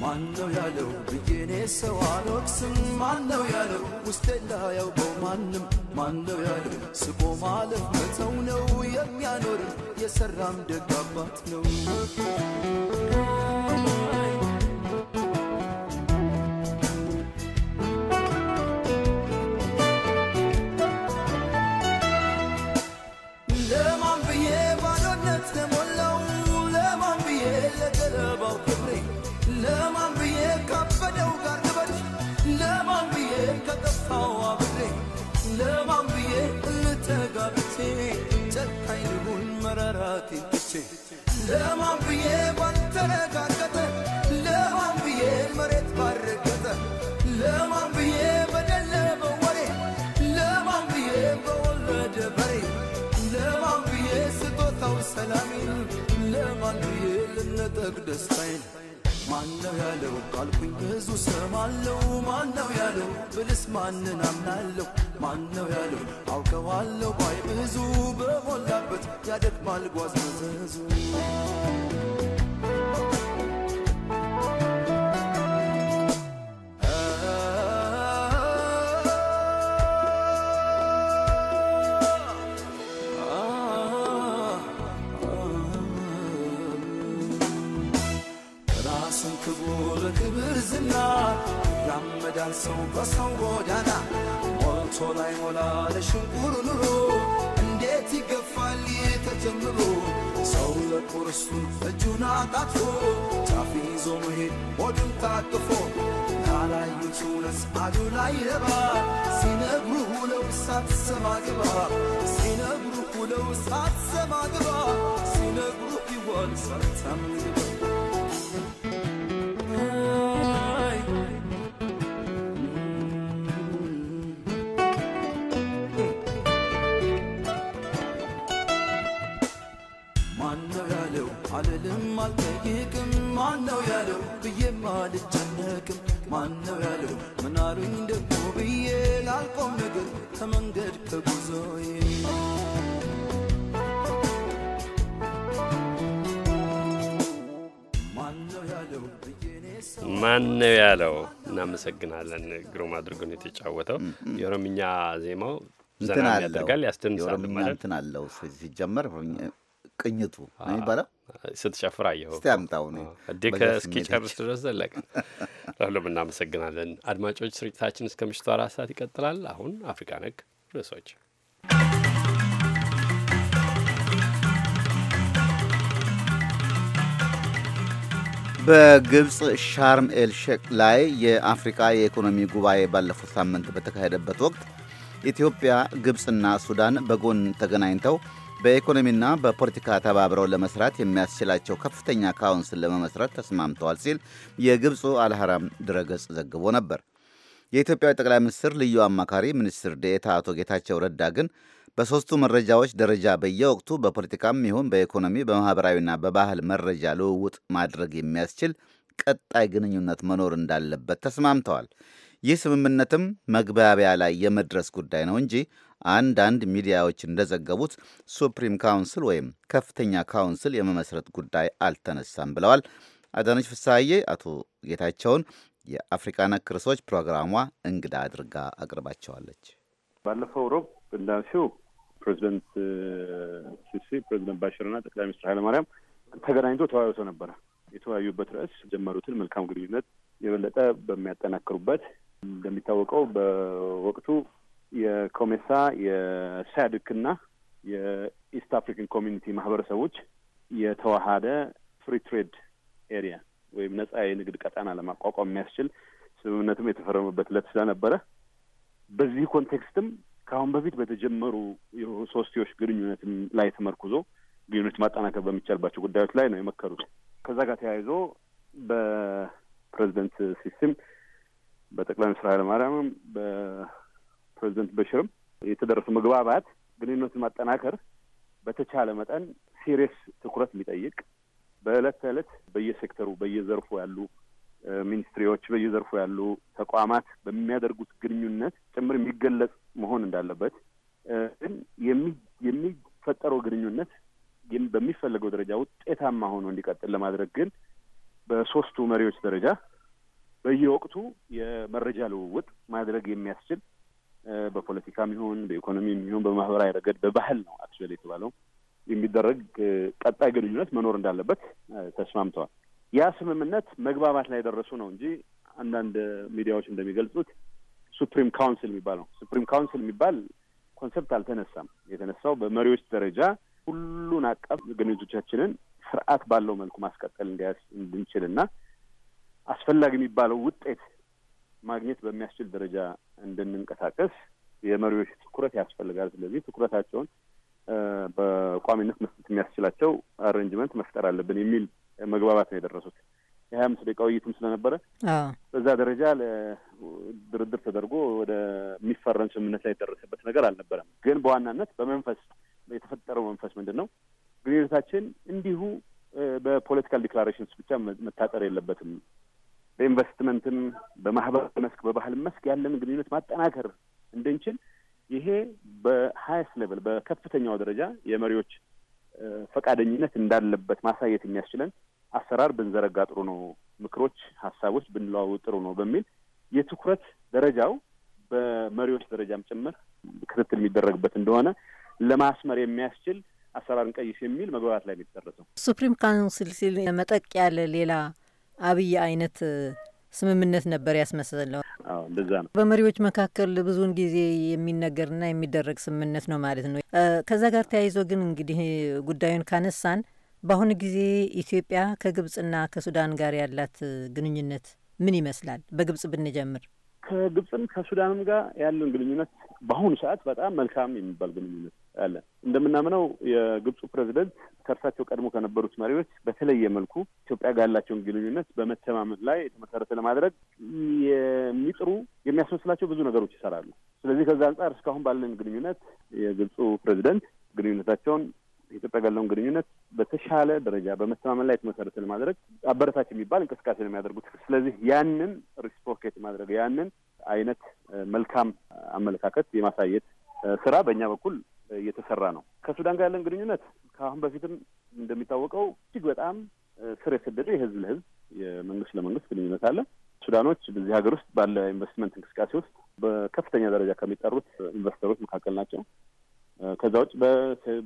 ማነው ያለው ብዬ እኔ ሰው አልወቅስም። ማነው ያለው ውስጤ እንዳያውቀው ማንም ማነው ያለው ስቆ ማለፍ መተው ነው የሚያኖርም የሰራም ደግ አባት ነው። አልልም አልጠይቅም ማነው ያለው ብዬ አልጨነቅም ማነው ያለው ምናሉኝ ደግሞ ብዬ ላልቆም ነገር ከመንገድ ከጉዞዬ ማን ነው ያለው? እናመሰግናለን። ግሩም አድርጎን የተጫወተው የኦሮምኛ ዜማው ዘና ያደርጋል፣ ያስደንሳል ማለት እንትን አለው ሲጀመር ቅኝቱ ነው የሚባለው ስትጨፍር አየኸው። እስቲ ነው እዴ ድረስ ዘለቀ። ለሁሉም እናመሰግናለን አድማጮች። ስርጭታችን እስከ ምሽቱ አራት ሰዓት ይቀጥላል። አሁን አፍሪካ ነክ ርዕሶች በግብፅ ሻርም ኤል ሼክ ላይ የአፍሪካ የኢኮኖሚ ጉባኤ ባለፉት ሳምንት በተካሄደበት ወቅት ኢትዮጵያ፣ ግብፅና ሱዳን በጎን ተገናኝተው በኢኮኖሚና በፖለቲካ ተባብረው ለመስራት የሚያስችላቸው ከፍተኛ ካውንስል ለመመስረት ተስማምተዋል ሲል የግብፁ አልሐራም ድረገጽ ዘግቦ ነበር። የኢትዮጵያ ጠቅላይ ሚኒስትር ልዩ አማካሪ ሚኒስትር ዴኤታ አቶ ጌታቸው ረዳ ግን በሦስቱ መረጃዎች ደረጃ በየወቅቱ በፖለቲካም ይሁን በኢኮኖሚ በማኅበራዊና በባህል መረጃ ልውውጥ ማድረግ የሚያስችል ቀጣይ ግንኙነት መኖር እንዳለበት ተስማምተዋል። ይህ ስምምነትም መግባቢያ ላይ የመድረስ ጉዳይ ነው እንጂ አንዳንድ ሚዲያዎች እንደዘገቡት ሱፕሪም ካውንስል ወይም ከፍተኛ ካውንስል የመመስረት ጉዳይ አልተነሳም ብለዋል። አዳነች ፍሳሐዬ አቶ ጌታቸውን የአፍሪካ ነክ ርዕሶች ፕሮግራሟ እንግዳ አድርጋ አቅርባቸዋለች። ባለፈው ሮብ እንዳንሲው ፕሬዚደንት ሲሲ ፕሬዚደንት ባሽርና ጠቅላይ ሚኒስትር ኃይለማርያም ተገናኝቶ ተወያይቶ ነበረ። የተወያዩበት ርዕስ የጀመሩትን መልካም ግንኙነት የበለጠ በሚያጠናክሩበት እንደሚታወቀው በወቅቱ የኮሜሳ የሳድክና የኢስት አፍሪካን ኮሚኒቲ ማህበረሰቦች የተዋሃደ ፍሪ ትሬድ ኤሪያ ወይም ነጻ የንግድ ቀጣና ለማቋቋም የሚያስችል ስምምነትም የተፈረመበት ለት ስለነበረ በዚህ ኮንቴክስትም ከአሁን በፊት በተጀመሩ ሶስትዮሽ ግንኙነትም ላይ ተመርኩዞ ግንኙነት ማጠናከር በሚቻልባቸው ጉዳዮች ላይ ነው የመከሩት። ከዛ ጋር ተያይዞ በፕሬዚደንት ሲሲም በጠቅላይ ሚኒስትር ኃይለማርያምም ፕሬዚደንት በሽርም የተደረሱ መግባባት ግንኙነቱን ማጠናከር በተቻለ መጠን ሲሪየስ ትኩረት የሚጠይቅ በዕለት ተዕለት በየሴክተሩ በየዘርፉ ያሉ ሚኒስትሪዎች በየዘርፉ ያሉ ተቋማት በሚያደርጉት ግንኙነት ጭምር የሚገለጽ መሆን እንዳለበት ግን የሚፈጠረው ግንኙነት በሚፈለገው ደረጃ ውጤታማ ሆኖ እንዲቀጥል ለማድረግ ግን በሶስቱ መሪዎች ደረጃ በየወቅቱ የመረጃ ልውውጥ ማድረግ የሚያስችል በፖለቲካም ይሁን በኢኮኖሚም ይሁን በማህበራዊ ረገድ በባህል ነው አክቹዋሊ የተባለው የሚደረግ ቀጣይ ግንኙነት መኖር እንዳለበት ተስማምተዋል። ያ ስምምነት መግባባት ላይ የደረሱ ነው እንጂ አንዳንድ ሚዲያዎች እንደሚገልጹት ሱፕሪም ካውንስል የሚባለው ሱፕሪም ካውንስል የሚባል ኮንሰፕት አልተነሳም። የተነሳው በመሪዎች ደረጃ ሁሉን አቀፍ ግንኙነቶቻችንን ስርዓት ባለው መልኩ ማስቀጠል እንዲያስ እንድንችል እና አስፈላጊ የሚባለው ውጤት ማግኘት በሚያስችል ደረጃ እንድንንቀሳቀስ የመሪዎች ትኩረት ያስፈልጋል። ስለዚህ ትኩረታቸውን በቋሚነት መስጠት የሚያስችላቸው አሬንጅመንት መፍጠር አለብን የሚል መግባባት ነው የደረሱት። የሀያ አምስት ደቂቃ ውይይትም ስለነበረ በዛ ደረጃ ድርድር ተደርጎ ወደሚፈረም ስምምነት ላይ የደረሰበት ነገር አልነበረም። ግን በዋናነት በመንፈስ የተፈጠረው መንፈስ ምንድን ነው? ግንኙነታችን እንዲሁ በፖለቲካል ዲክላሬሽንስ ብቻ መታጠር የለበትም። በኢንቨስትመንትም፣ በማህበራዊ መስክ፣ በባህል መስክ ያለን ግንኙነት ማጠናከር እንድንችል ይሄ በሀያስት ሌቭል በከፍተኛው ደረጃ የመሪዎች ፈቃደኝነት እንዳለበት ማሳየት የሚያስችለን አሰራር ብንዘረጋ ጥሩ ነው፣ ምክሮች፣ ሀሳቦች ብንለዋውጥ ጥሩ ነው በሚል የትኩረት ደረጃው በመሪዎች ደረጃም ጭምር ክትትል የሚደረግበት እንደሆነ ለማስመር የሚያስችል አሰራርን ቀይስ የሚል መግባባት ላይ የሚደረሰው ሱፕሪም ካውንስል ሲል መጠቅ ያለ ሌላ አብይ አይነት ስምምነት ነበር ያስመስለው። እንደዛ ነው። በመሪዎች መካከል ብዙውን ጊዜ የሚነገርና የሚደረግ ስምምነት ነው ማለት ነው። ከዛ ጋር ተያይዞ ግን እንግዲህ ጉዳዩን ካነሳን በአሁኑ ጊዜ ኢትዮጵያ ከግብጽና ከሱዳን ጋር ያላት ግንኙነት ምን ይመስላል? በግብጽ ብንጀምር። ከግብጽም ከሱዳንም ጋር ያለን ግንኙነት በአሁኑ ሰዓት በጣም መልካም የሚባል ግንኙነት አለ። እንደምናምነው የግብፁ ፕሬዚደንት ከእርሳቸው ቀድሞ ከነበሩት መሪዎች በተለየ መልኩ ኢትዮጵያ ጋር ያላቸውን ግንኙነት በመተማመን ላይ የተመሰረተ ለማድረግ የሚጥሩ የሚያስመስላቸው ብዙ ነገሮች ይሰራሉ። ስለዚህ ከዛ አንጻር እስካሁን ባለን ግንኙነት የግብፁ ፕሬዚደንት ግንኙነታቸውን ኢትዮጵያ ጋር ያለውን ግንኙነት በተሻለ ደረጃ በመተማመን ላይ የተመሰረተ ለማድረግ አበረታች የሚባል እንቅስቃሴ ነው የሚያደርጉት። ስለዚህ ያንን ሪስፖርኬት ማድረግ ያንን አይነት መልካም አመለካከት የማሳየት ስራ በእኛ በኩል እየተሰራ ነው። ከሱዳን ጋር ያለን ግንኙነት ከአሁን በፊትም እንደሚታወቀው እጅግ በጣም ስር የሰደደ የህዝብ ለህዝብ የመንግስት ለመንግስት ግንኙነት አለ። ሱዳኖች በዚህ ሀገር ውስጥ ባለ ኢንቨስትመንት እንቅስቃሴ ውስጥ በከፍተኛ ደረጃ ከሚጠሩት ኢንቨስተሮች መካከል ናቸው። ከዛ ውጭ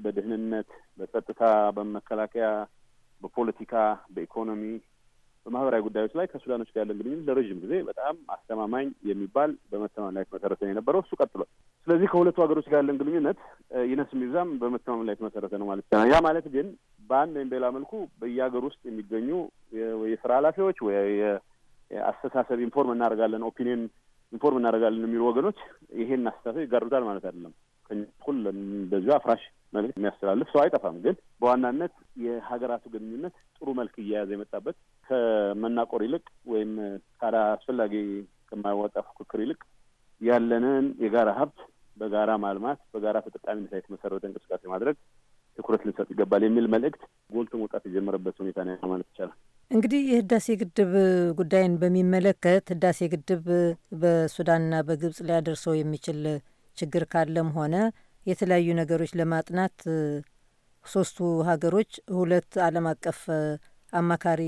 በደህንነት፣ በጸጥታ፣ በመከላከያ፣ በፖለቲካ፣ በኢኮኖሚ፣ በማህበራዊ ጉዳዮች ላይ ከሱዳኖች ጋር ያለን ግንኙነት ለረዥም ጊዜ በጣም አስተማማኝ የሚባል በመተማመን ላይ የነበረው እሱ ቀጥሏል። ስለዚህ ከሁለቱ ሀገሮች ጋር ያለን ግንኙነት ይነስ የሚብዛም በመተማመን ላይ የተመሰረተ ነው ማለት ይቻላል። ያ ማለት ግን በአንድ ወይም በሌላ መልኩ በየሀገር ውስጥ የሚገኙ የስራ ኃላፊዎች ወይ የአስተሳሰብ ኢንፎርም እናደርጋለን ኦፒኒየን ኢንፎርም እናደርጋለን የሚሉ ወገኖች ይሄን አስተሳሰብ ይጋሩታል ማለት አይደለም። ከኛ በኩል እንደዚሁ አፍራሽ መልክ የሚያስተላልፍ ሰው አይጠፋም። ግን በዋናነት የሀገራቱ ግንኙነት ጥሩ መልክ እየያዘ የመጣበት ከመናቆር ይልቅ ወይም ካዳ አስፈላጊ ከማያዋጣ ፉክክር ይልቅ ያለንን የጋራ ሀብት በጋራ ማልማት፣ በጋራ ተጠቃሚነት ላይ የተመሰረተ እንቅስቃሴ ማድረግ ትኩረት ልንሰጥ ይገባል የሚል መልእክት ጎልቶ መውጣት የጀመረበት ሁኔታ ነው ማለት ይቻላል። እንግዲህ የህዳሴ ግድብ ጉዳይን በሚመለከት ህዳሴ ግድብ በሱዳንና በግብጽ ሊያደርሰው የሚችል ችግር ካለም ሆነ የተለያዩ ነገሮች ለማጥናት ሶስቱ ሀገሮች ሁለት ዓለም አቀፍ አማካሪ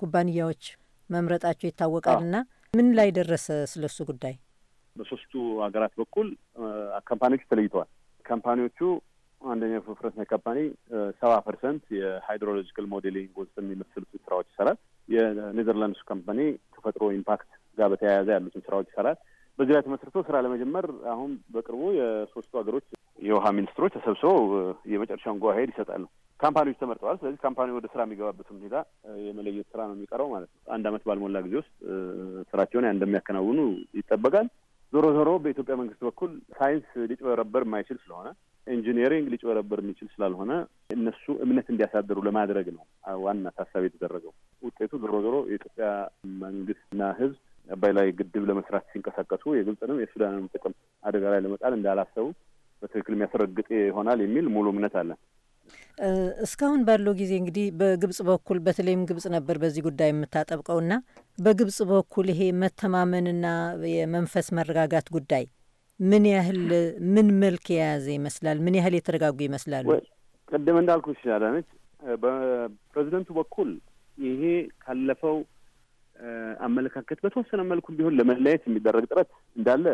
ኩባንያዎች መምረጣቸው ይታወቃልና ምን ላይ ደረሰ? ስለሱ ጉዳይ በሶስቱ ሀገራት በኩል ካምፓኒዎቹ ተለይተዋል። ካምፓኒዎቹ አንደኛ ፍረስነ ካምፓኒ ሰባ ፐርሰንት የሃይድሮሎጂካል ሞዴሊንግ ውስጥ የሚመስሉትን ስራዎች ይሰራል። የኔዘርላንድሱ ካምፓኒ ተፈጥሮ ኢምፓክት ጋር በተያያዘ ያሉትን ስራዎች ይሰራል። በዚህ ላይ ተመስርቶ ስራ ለመጀመር አሁን በቅርቡ የሶስቱ ሀገሮች የውሃ ሚኒስትሮች ተሰብስበው የመጨረሻውን ጓሄድ ይሰጣሉ። ካምፓኒዎች ተመርጠዋል። ስለዚህ ካምፓኒ ወደ ስራ የሚገባበት ሁኔታ የመለየት ስራ ነው የሚቀረው ማለት ነው። አንድ አመት ባልሞላ ጊዜ ውስጥ ስራቸውን እንደሚያከናውኑ ይጠበቃል። ዞሮ ዞሮ በኢትዮጵያ መንግስት በኩል ሳይንስ ሊጭበረበር የማይችል ስለሆነ ኢንጂኒሪንግ ሊጭበረበር የሚችል ስላልሆነ እነሱ እምነት እንዲያሳድሩ ለማድረግ ነው ዋና ታሳቢ የተደረገው። ውጤቱ ዞሮ ዞሮ የኢትዮጵያ መንግስትና ህዝብ አባይ ላይ ግድብ ለመስራት ሲንቀሳቀሱ የግብፅንም የሱዳንን ጥቅም አደጋ ላይ ለመጣል እንዳላሰቡ በትክክል የሚያስረግጥ ይሆናል የሚል ሙሉ እምነት አለን። እስካሁን ባለው ጊዜ እንግዲህ በግብጽ በኩል በተለይም ግብጽ ነበር በዚህ ጉዳይ የምታጠብቀው እና በግብጽ በኩል ይሄ መተማመንና የመንፈስ መረጋጋት ጉዳይ ምን ያህል ምን መልክ የያዘ ይመስላል? ምን ያህል የተረጋጉ ይመስላሉ? ቅድም እንዳልኩ አዳነች፣ በፕሬዚደንቱ በኩል ይሄ ካለፈው አመለካከት በተወሰነ መልኩ ቢሆን ለመለየት የሚደረግ ጥረት እንዳለ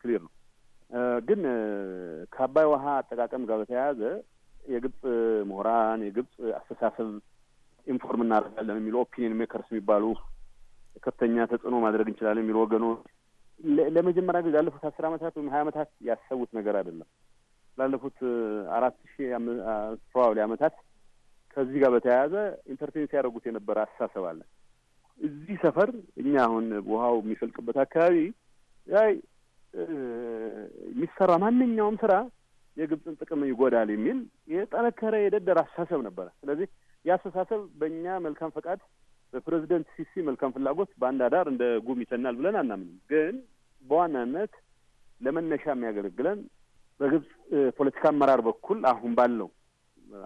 ክሊር ነው። ግን ከአባይ ውሃ አጠቃቀም ጋር በተያያዘ የግብጽ ምሁራን የግብጽ አስተሳሰብ ኢንፎርም እናደርጋለን የሚሉ ኦፒኒየን ሜከርስ የሚባሉ ከፍተኛ ተጽዕኖ ማድረግ እንችላለን የሚሉ ወገኖች ለመጀመሪያ ጊዜ ላለፉት አስር አመታት ወይም ሀያ አመታት ያሰቡት ነገር አይደለም። ላለፉት አራት ሺ ፕሮባብሊ አመታት ከዚህ ጋር በተያያዘ ኢንተርቴን ሲያደርጉት የነበረ አስተሳሰብ አለ። እዚህ ሰፈር እኛ አሁን ውሃው የሚፈልቅበት አካባቢ ላይ የሚሰራ ማንኛውም ስራ የግብፅን ጥቅም ይጎዳል የሚል የጠነከረ የደደር አስተሳሰብ ነበረ። ስለዚህ አስተሳሰብ በእኛ መልካም ፈቃድ በፕሬዚደንት ሲሲ መልካም ፍላጎት በአንድ አዳር እንደ ጉም ይተናል ብለን አናምንም። ግን በዋናነት ለመነሻ የሚያገለግለን በግብፅ ፖለቲካ አመራር በኩል አሁን ባለው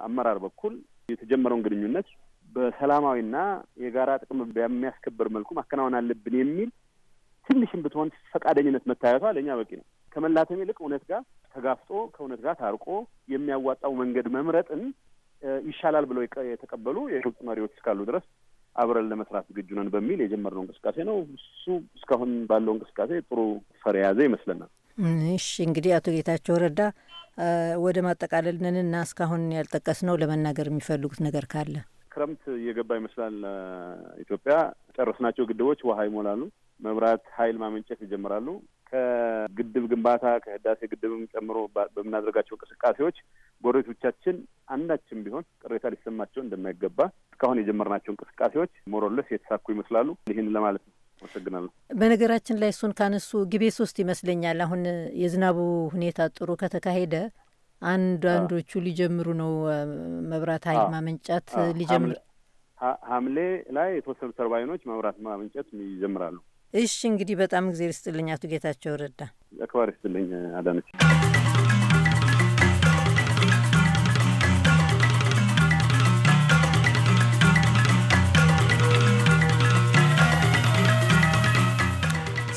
አመራር በኩል የተጀመረውን ግንኙነት በሰላማዊና የጋራ ጥቅም በሚያስከብር መልኩ ማከናወን አለብን የሚል ትንሽም ብትሆን ፈቃደኝነት መታየቷ ለእኛ በቂ ነው። ከመላተም ይልቅ እውነት ጋር ተጋፍጦ ከእውነት ጋር ታርቆ የሚያዋጣው መንገድ መምረጥን ይሻላል ብለው የተቀበሉ የግብጽ መሪዎች እስካሉ ድረስ አብረን ለመስራት ዝግጁ ነን በሚል የጀመርነው እንቅስቃሴ ነው። እሱ እስካሁን ባለው እንቅስቃሴ ጥሩ ፈር የያዘ ይመስለናል። እሺ እንግዲህ አቶ ጌታቸው ረዳ ወደ ነንና እስካሁን ያልጠቀስ ነው ለመናገር የሚፈልጉት ነገር ካለ ክረምት እየገባ ይመስላል። ኢትዮጵያ ጨረስናቸው ግድቦች ውሃ ይሞላሉ። መብራት ኃይል ማመንጨት ይጀምራሉ። ከግድብ ግንባታ ከህዳሴ ግድብም ጨምሮ በምናደርጋቸው እንቅስቃሴዎች ጎረቤቶቻችን አንዳችን ቢሆን ቅሬታ ሊሰማቸው እንደማይገባ እስካሁን የጀመርናቸው እንቅስቃሴዎች ሞሮለስ የተሳኩ ይመስላሉ። ይህን ለማለት ነው። አመሰግናለሁ። በነገራችን ላይ እሱን ካነሱ ግቤ ሶስት ይመስለኛል። አሁን የዝናቡ ሁኔታ ጥሩ ከተካሄደ አንዳንዶቹ ሊጀምሩ ነው። መብራት ኃይል ማመንጫት ሊጀምር ሐምሌ ላይ የተወሰኑ ተርባይኖች መብራት ማመንጨት ይጀምራሉ። እሺ እንግዲህ በጣም እግዜር ይስጥልኝ አቶ ጌታቸው ረዳ። አክባሪ ይስጥልኝ አዳነች።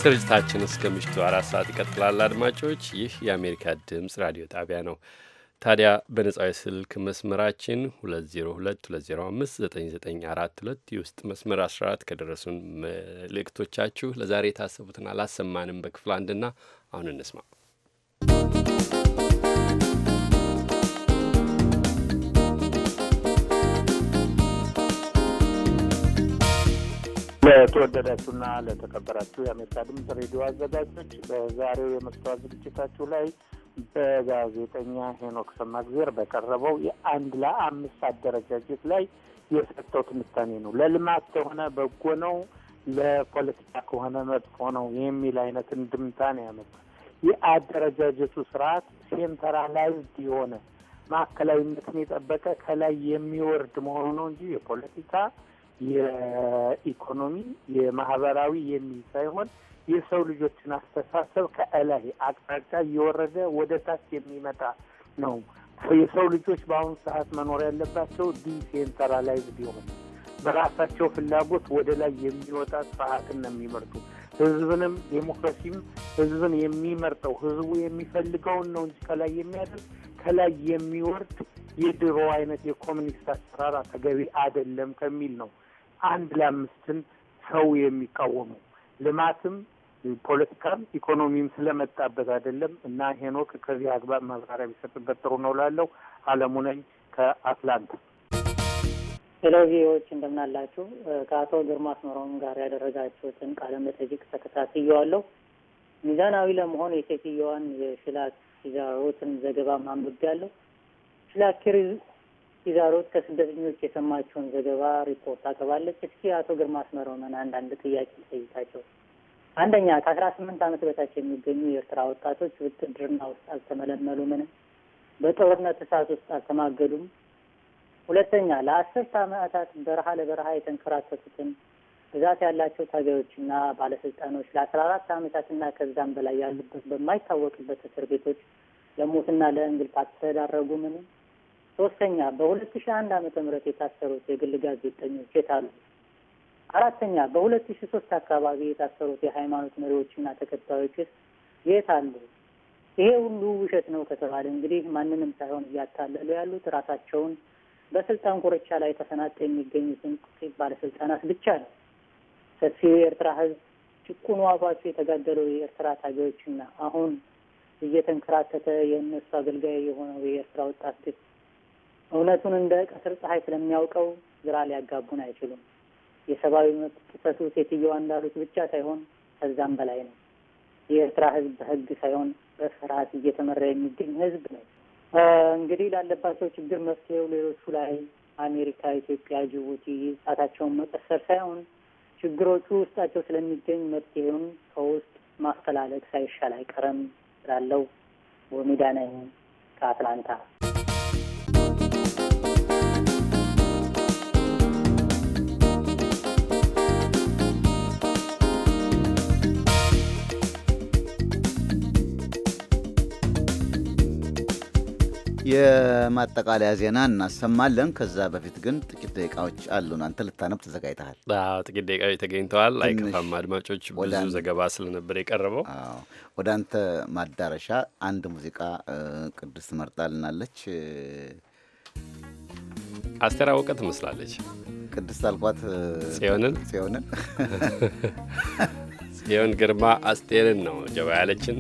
ስርጭታችን እስከ ምሽቱ አራት ሰዓት ይቀጥላል። አድማጮች፣ ይህ የአሜሪካ ድምፅ ራዲዮ ጣቢያ ነው። ታዲያ በነጻዊ ስልክ መስመራችን 2022059942 የውስጥ መስመር 14 ከደረሱን መልእክቶቻችሁ ለዛሬ የታሰቡትን አላሰማንም በክፍል አንድና አሁን እንስማ። ለተወደዳችሁና ለተከበራችሁ የአሜሪካ ድምፅ ሬዲዮ አዘጋጆች በዛሬው የመስተዋት ዝግጅታችሁ ላይ በጋዜጠኛ ሄኖክ ሰማግዜር በቀረበው የአንድ ለአምስት አደረጃጀት ላይ የሰጠው ትንታኔ ነው። ለልማት ከሆነ በጎ ነው፣ ለፖለቲካ ከሆነ መጥፎ ነው የሚል አይነት እንድምታ ያመጣ። የአደረጃጀቱ ስርዓት ሴንትራላይዝድ የሆነ ማዕከላዊነትን የጠበቀ ከላይ የሚወርድ መሆኑ ነው እንጂ የፖለቲካ የኢኮኖሚ፣ የማህበራዊ የሚል ሳይሆን የሰው ልጆችን አስተሳሰብ ከእላይ አቅጣጫ እየወረደ ወደ ታች የሚመጣ ነው። የሰው ልጆች በአሁኑ ሰዓት መኖር ያለባቸው ዲሴንትራላይዝድ ቢሆን በራሳቸው ፍላጎት ወደ ላይ የሚወጣ ስርዓትን ነው የሚመርጡ። ህዝብንም ዴሞክራሲም ህዝብን የሚመርጠው ህዝቡ የሚፈልገውን ነው እንጂ ከላይ የሚያደርግ ከላይ የሚወርድ የድሮ አይነት የኮሚኒስት አሰራር ተገቢ አይደለም ከሚል ነው አንድ ለአምስትን ሰው የሚቃወሙ ልማትም ፖለቲካም ኢኮኖሚም ስለመጣበት አይደለም እና ሄኖክ ከዚህ አግባብ ማብራሪያ ቢሰጥበት ጥሩ ነው ላለው አለሙ ነኝ ከአትላንታ። ቴሌቪዎች እንደምናላችሁ ከአቶ ግርማ አስመሮም ጋር ያደረጋችሁትን ቃለ መጠይቅ ተከታትየዋለሁ። ሚዛናዊ ለመሆን የሴትየዋን የሽላት ሲዛሮትን ዘገባ ማንብብ ያለው ኪሪ ሲዛሮት ከስደተኞች የሰማችውን ዘገባ ሪፖርት አቅርባለች። እስኪ አቶ ግርማ አስመሮምን አንዳንድ ጥያቄ ጠይቃቸው አንደኛ ከአስራ ስምንት ዓመት በታች የሚገኙ የኤርትራ ወጣቶች ውትድርና ውስጥ አልተመለመሉምንም፣ በጦርነት እሳት ውስጥ አልተማገዱም። ሁለተኛ ለአስርት ዓመታት በረሃ ለበረሃ የተንከራተቱትን ብዛት ያላቸው ታጋዮችና ባለስልጣኖች ለአስራ አራት ዓመታትና ከዛም በላይ ያሉበት በማይታወቅበት እስር ቤቶች ለሞትና ለእንግልት ምንም? ሶስተኛ በሁለት ሺህ አንድ ዓመተ ምህረት የታሰሩት የግል ጋዜጠኞች የት አሉ? አራተኛ በሁለት ሺ ሶስት አካባቢ የታሰሩት የሃይማኖት መሪዎችና ተከታዮች የት አሉ? ይሄ ሁሉ ውሸት ነው ከተባለ እንግዲህ ማንንም ሳይሆን እያታለሉ ያሉት ራሳቸውን በስልጣን ኮርቻ ላይ ተሰናጥ የሚገኙትን ጥቂት ባለስልጣናት ብቻ ነው። ሰፊው የኤርትራ ህዝብ ጭቁኑ አባቱ የተጋደለው የኤርትራ ታጋዮችና አሁን እየተንከራተተ የእነሱ አገልጋይ የሆነው የኤርትራ ወጣት እውነቱን እንደ ቀትር ፀሐይ ስለሚያውቀው ግራ ሊያጋቡን አይችሉም። የሰብአዊ መብት ጥሰቱ ሴትዮዋ እንዳሉት ብቻ ሳይሆን ከዛም በላይ ነው። የኤርትራ ህዝብ በህግ ሳይሆን በፍርሀት እየተመራ የሚገኝ ህዝብ ነው። እንግዲህ ላለባቸው ችግር መፍትሄው ሌሎቹ ላይ አሜሪካ፣ ኢትዮጵያ፣ ጅቡቲ ጣታቸውን መቀሰር ሳይሆን ችግሮቹ ውስጣቸው ስለሚገኝ መፍትሄውን ከውስጥ ማስተላለቅ ሳይሻል አይቀርም ስላለው ወሚዳ ነኝ ከአትላንታ የማጠቃለያ ዜና እናሰማለን። ከዛ በፊት ግን ጥቂት ደቂቃዎች አሉን። አንተ ልታነብ ተዘጋጅተሃል። ጥቂት ደቂቃዎች ተገኝተዋል። አይከፋም። አድማጮች ብዙ ዘገባ ስለነበር የቀረበው ወደ አንተ ማዳረሻ አንድ ሙዚቃ ቅዱስ ትመርጣልናለች። አስቴር አወቀ ትመስላለች። ቅድስት አልኳት ጽዮንን ጽዮንን ጽዮን ግርማ አስቴርን ነው ጀባ ያለችን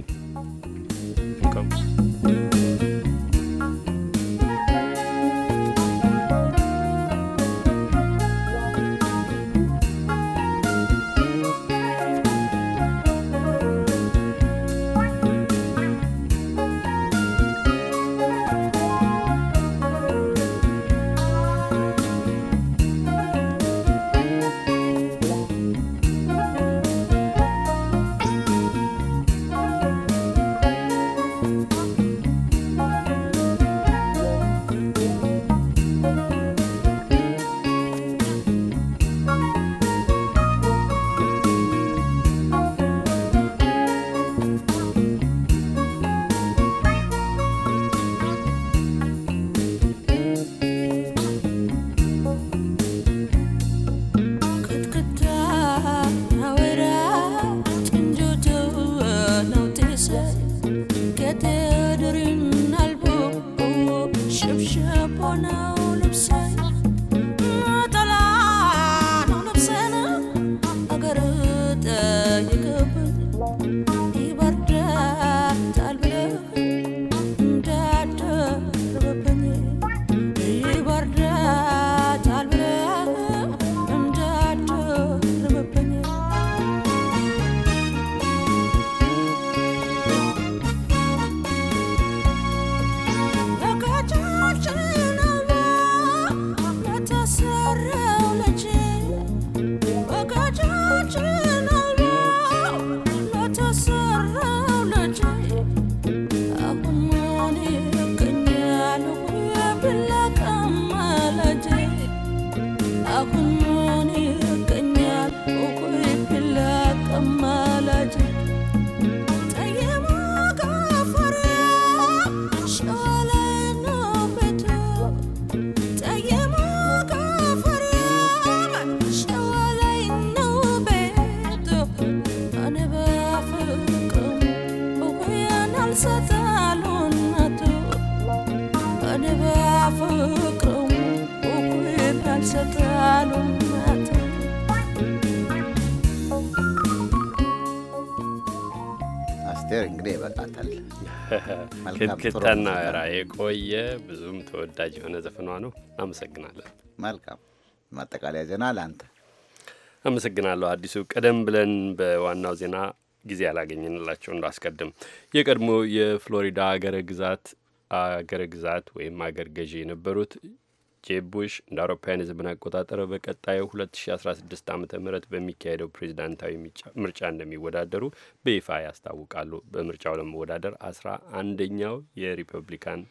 ራ የቆየ ብዙም ተወዳጅ የሆነ ዘፈኗ ነው። አመሰግናለን። መልካም ማጠቃለያ ዜና ለአንተ አመሰግናለሁ አዲሱ። ቀደም ብለን በዋናው ዜና ጊዜ ያላገኘንላቸው እንዳስቀድም የቀድሞ የፍሎሪዳ አገረ ግዛት አገረ ግዛት ወይም አገር ገዢ የነበሩት ጄብ ቡሽ እንደ አውሮፓውያን የዘመን አቆጣጠር በቀጣዩ 2016 ዓ ም በሚካሄደው ፕሬዚዳንታዊ ምርጫ እንደሚወዳደሩ በይፋ ያስታውቃሉ። በምርጫው ለመወዳደር አስራ አንደኛው የሪፐብሊካን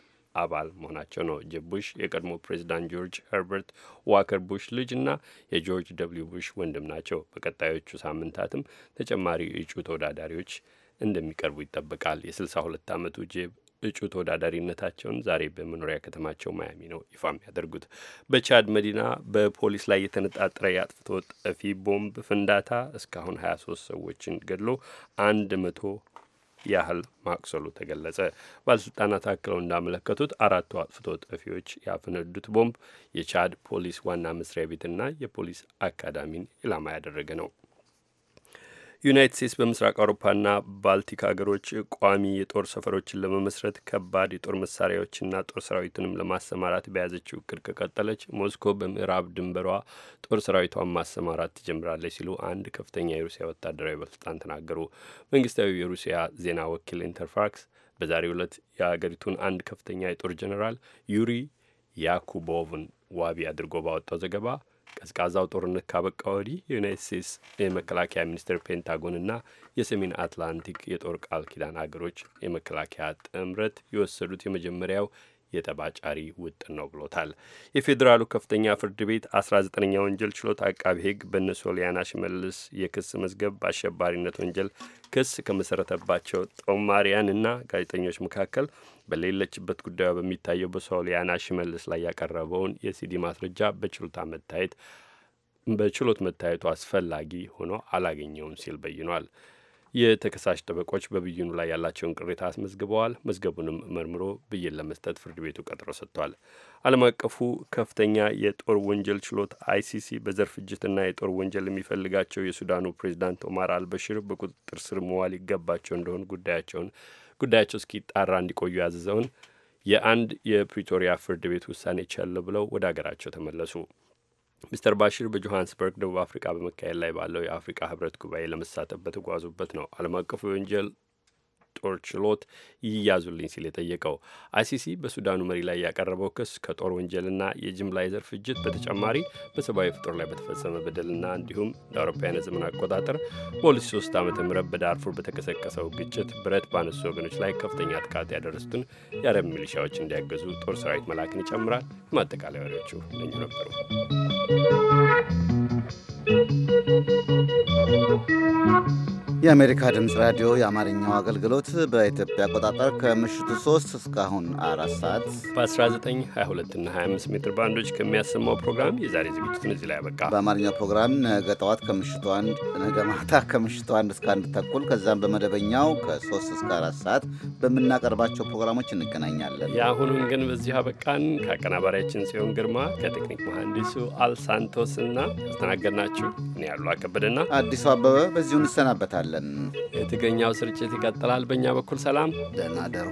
አባል መሆናቸው ነው። ጄብ ቡሽ የቀድሞ ፕሬዚዳንት ጆርጅ ሄርበርት ዋከር ቡሽ ልጅ እና የጆርጅ ደብልዩ ቡሽ ወንድም ናቸው። በቀጣዮቹ ሳምንታትም ተጨማሪ እጩ ተወዳዳሪዎች እንደሚቀርቡ ይጠበቃል። የ62 ዓመቱ ጄብ እጩ ተወዳዳሪነታቸውን ዛሬ በመኖሪያ ከተማቸው ማያሚ ነው ይፋ የሚያደርጉት። በቻድ መዲና በፖሊስ ላይ የተነጣጠረ የአጥፍቶ ጠፊ ቦምብ ፍንዳታ እስካሁን 23 ሰዎችን ገድሎ አንድ መቶ ያህል ማቁሰሉ ተገለጸ። ባለስልጣናት አክለው እንዳመለከቱት አራቱ አጥፍቶ ጠፊዎች ያፈነዱት ቦምብ የቻድ ፖሊስ ዋና መስሪያ ቤትና የፖሊስ አካዳሚን ኢላማ ያደረገ ነው። ዩናይት ስቴትስ በምስራቅ አውሮፓና ባልቲክ ሀገሮች ቋሚ የጦር ሰፈሮችን ለመመስረት ከባድ የጦር መሳሪያዎችና ጦር ሰራዊትንም ለማሰማራት በያዘችው እቅድ ከቀጠለች ሞስኮ በምዕራብ ድንበሯ ጦር ሰራዊቷን ማሰማራት ትጀምራለች ሲሉ አንድ ከፍተኛ የሩሲያ ወታደራዊ ባለስልጣን ተናገሩ። መንግስታዊ የሩሲያ ዜና ወኪል ኢንተርፋክስ በዛሬው ዕለት የሀገሪቱን አንድ ከፍተኛ የጦር ጀኔራል ዩሪ ያኩቦቭን ዋቢ አድርጎ ባወጣው ዘገባ ቀዝቃዛው ጦርነት ካበቃ ወዲህ የዩናይት ስቴትስ የመከላከያ ሚኒስቴር ፔንታጎንና የሰሜን አትላንቲክ የጦር ቃል ኪዳን አገሮች የመከላከያ ጥምረት የወሰዱት የመጀመሪያው የጠባጫሪ ውጥን ነው ብሎታል። የፌዴራሉ ከፍተኛ ፍርድ ቤት 19ኛ ወንጀል ችሎት አቃቢ ሕግ በነ ሶሊያና ሽመልስ የክስ መዝገብ በአሸባሪነት ወንጀል ክስ ከመሰረተባቸው እና ጋዜጠኞች መካከል በሌለችበት ጉዳዩ በሚታየው በሶሊያና ሽመልስ ላይ ያቀረበውን የሲዲ ማስረጃ በችሎታ መታየት በችሎት መታየቱ አስፈላጊ ሆኖ አላገኘውም ሲል በይኗል። የተከሳሽ ጠበቆች በብይኑ ላይ ያላቸውን ቅሬታ አስመዝግበዋል። መዝገቡንም መርምሮ ብይን ለመስጠት ፍርድ ቤቱ ቀጥሮ ሰጥቷል። ዓለም አቀፉ ከፍተኛ የጦር ወንጀል ችሎት አይሲሲ በዘር ፍጅትና የጦር ወንጀል የሚፈልጋቸው የሱዳኑ ፕሬዚዳንት ኦማር አልበሽር በቁጥጥር ስር መዋል ይገባቸው እንደሆን ጉዳያቸውን ጉዳያቸው እስኪጣራ እንዲቆዩ ያዘዘውን የአንድ የፕሪቶሪያ ፍርድ ቤት ውሳኔ ቸል ብለው ወደ አገራቸው ተመለሱ። ሚስተር ባሽር በጆሃንስበርግ ደቡብ አፍሪካ በመካሄድ ላይ ባለው የአፍሪካ ህብረት ጉባኤ ለመሳተፍ በተጓዙበት ነው ዓለም አቀፉ የወንጀል ጦር ችሎት ይያዙልኝ ሲል የጠየቀው አይሲሲ በሱዳኑ መሪ ላይ ያቀረበው ክስ ከጦር ወንጀልና የጅምላ የዘር ፍጅት በተጨማሪ በሰብአዊ ፍጡር ላይ በተፈጸመ በደልና እንዲሁም ለአውሮፓውያን ዘመን አቆጣጠር በ2003 ዓ ም በዳርፉር በተቀሰቀሰው ግጭት ብረት ባነሱ ወገኖች ላይ ከፍተኛ ጥቃት ያደረሱትን የአረብ ሚሊሻዎች እንዲያገዙ ጦር ሰራዊት መላክን ይጨምራል። ማጠቃለያ ወሬዎቹ እነኙ ነበሩ። Thank you. የአሜሪካ ድምፅ ራዲዮ የአማርኛው አገልግሎት በኢትዮጵያ አቆጣጠር ከምሽቱ 3 እስካሁን አራት ሰዓት በ1922 እና 25 ሜትር ባንዶች ከሚያሰማው ፕሮግራም የዛሬ ዝግጅቱን እዚህ ላይ ያበቃ። በአማርኛው ፕሮግራም ነገ ጠዋት ከምሽቱ አንድ ነገ ማታ ከምሽቱ አንድ እስከ አንድ ተኩል ከዛም በመደበኛው ከ3 እስከ አራት ሰዓት በምናቀርባቸው ፕሮግራሞች እንገናኛለን። የአሁኑን ግን በዚህ አበቃን። ከአቀናባሪያችን ሲሆን ግርማ፣ ከቴክኒክ መሐንዲሱ አልሳንቶስ እና ያስተናገድናችሁ እኔ ያሉ አከበደና አዲሱ አበበ በዚሁ እንሰናበታለን። እንመኛለን። የትግርኛው ስርጭት ይቀጥላል። በእኛ በኩል ሰላም፣ ደህና ደሩ።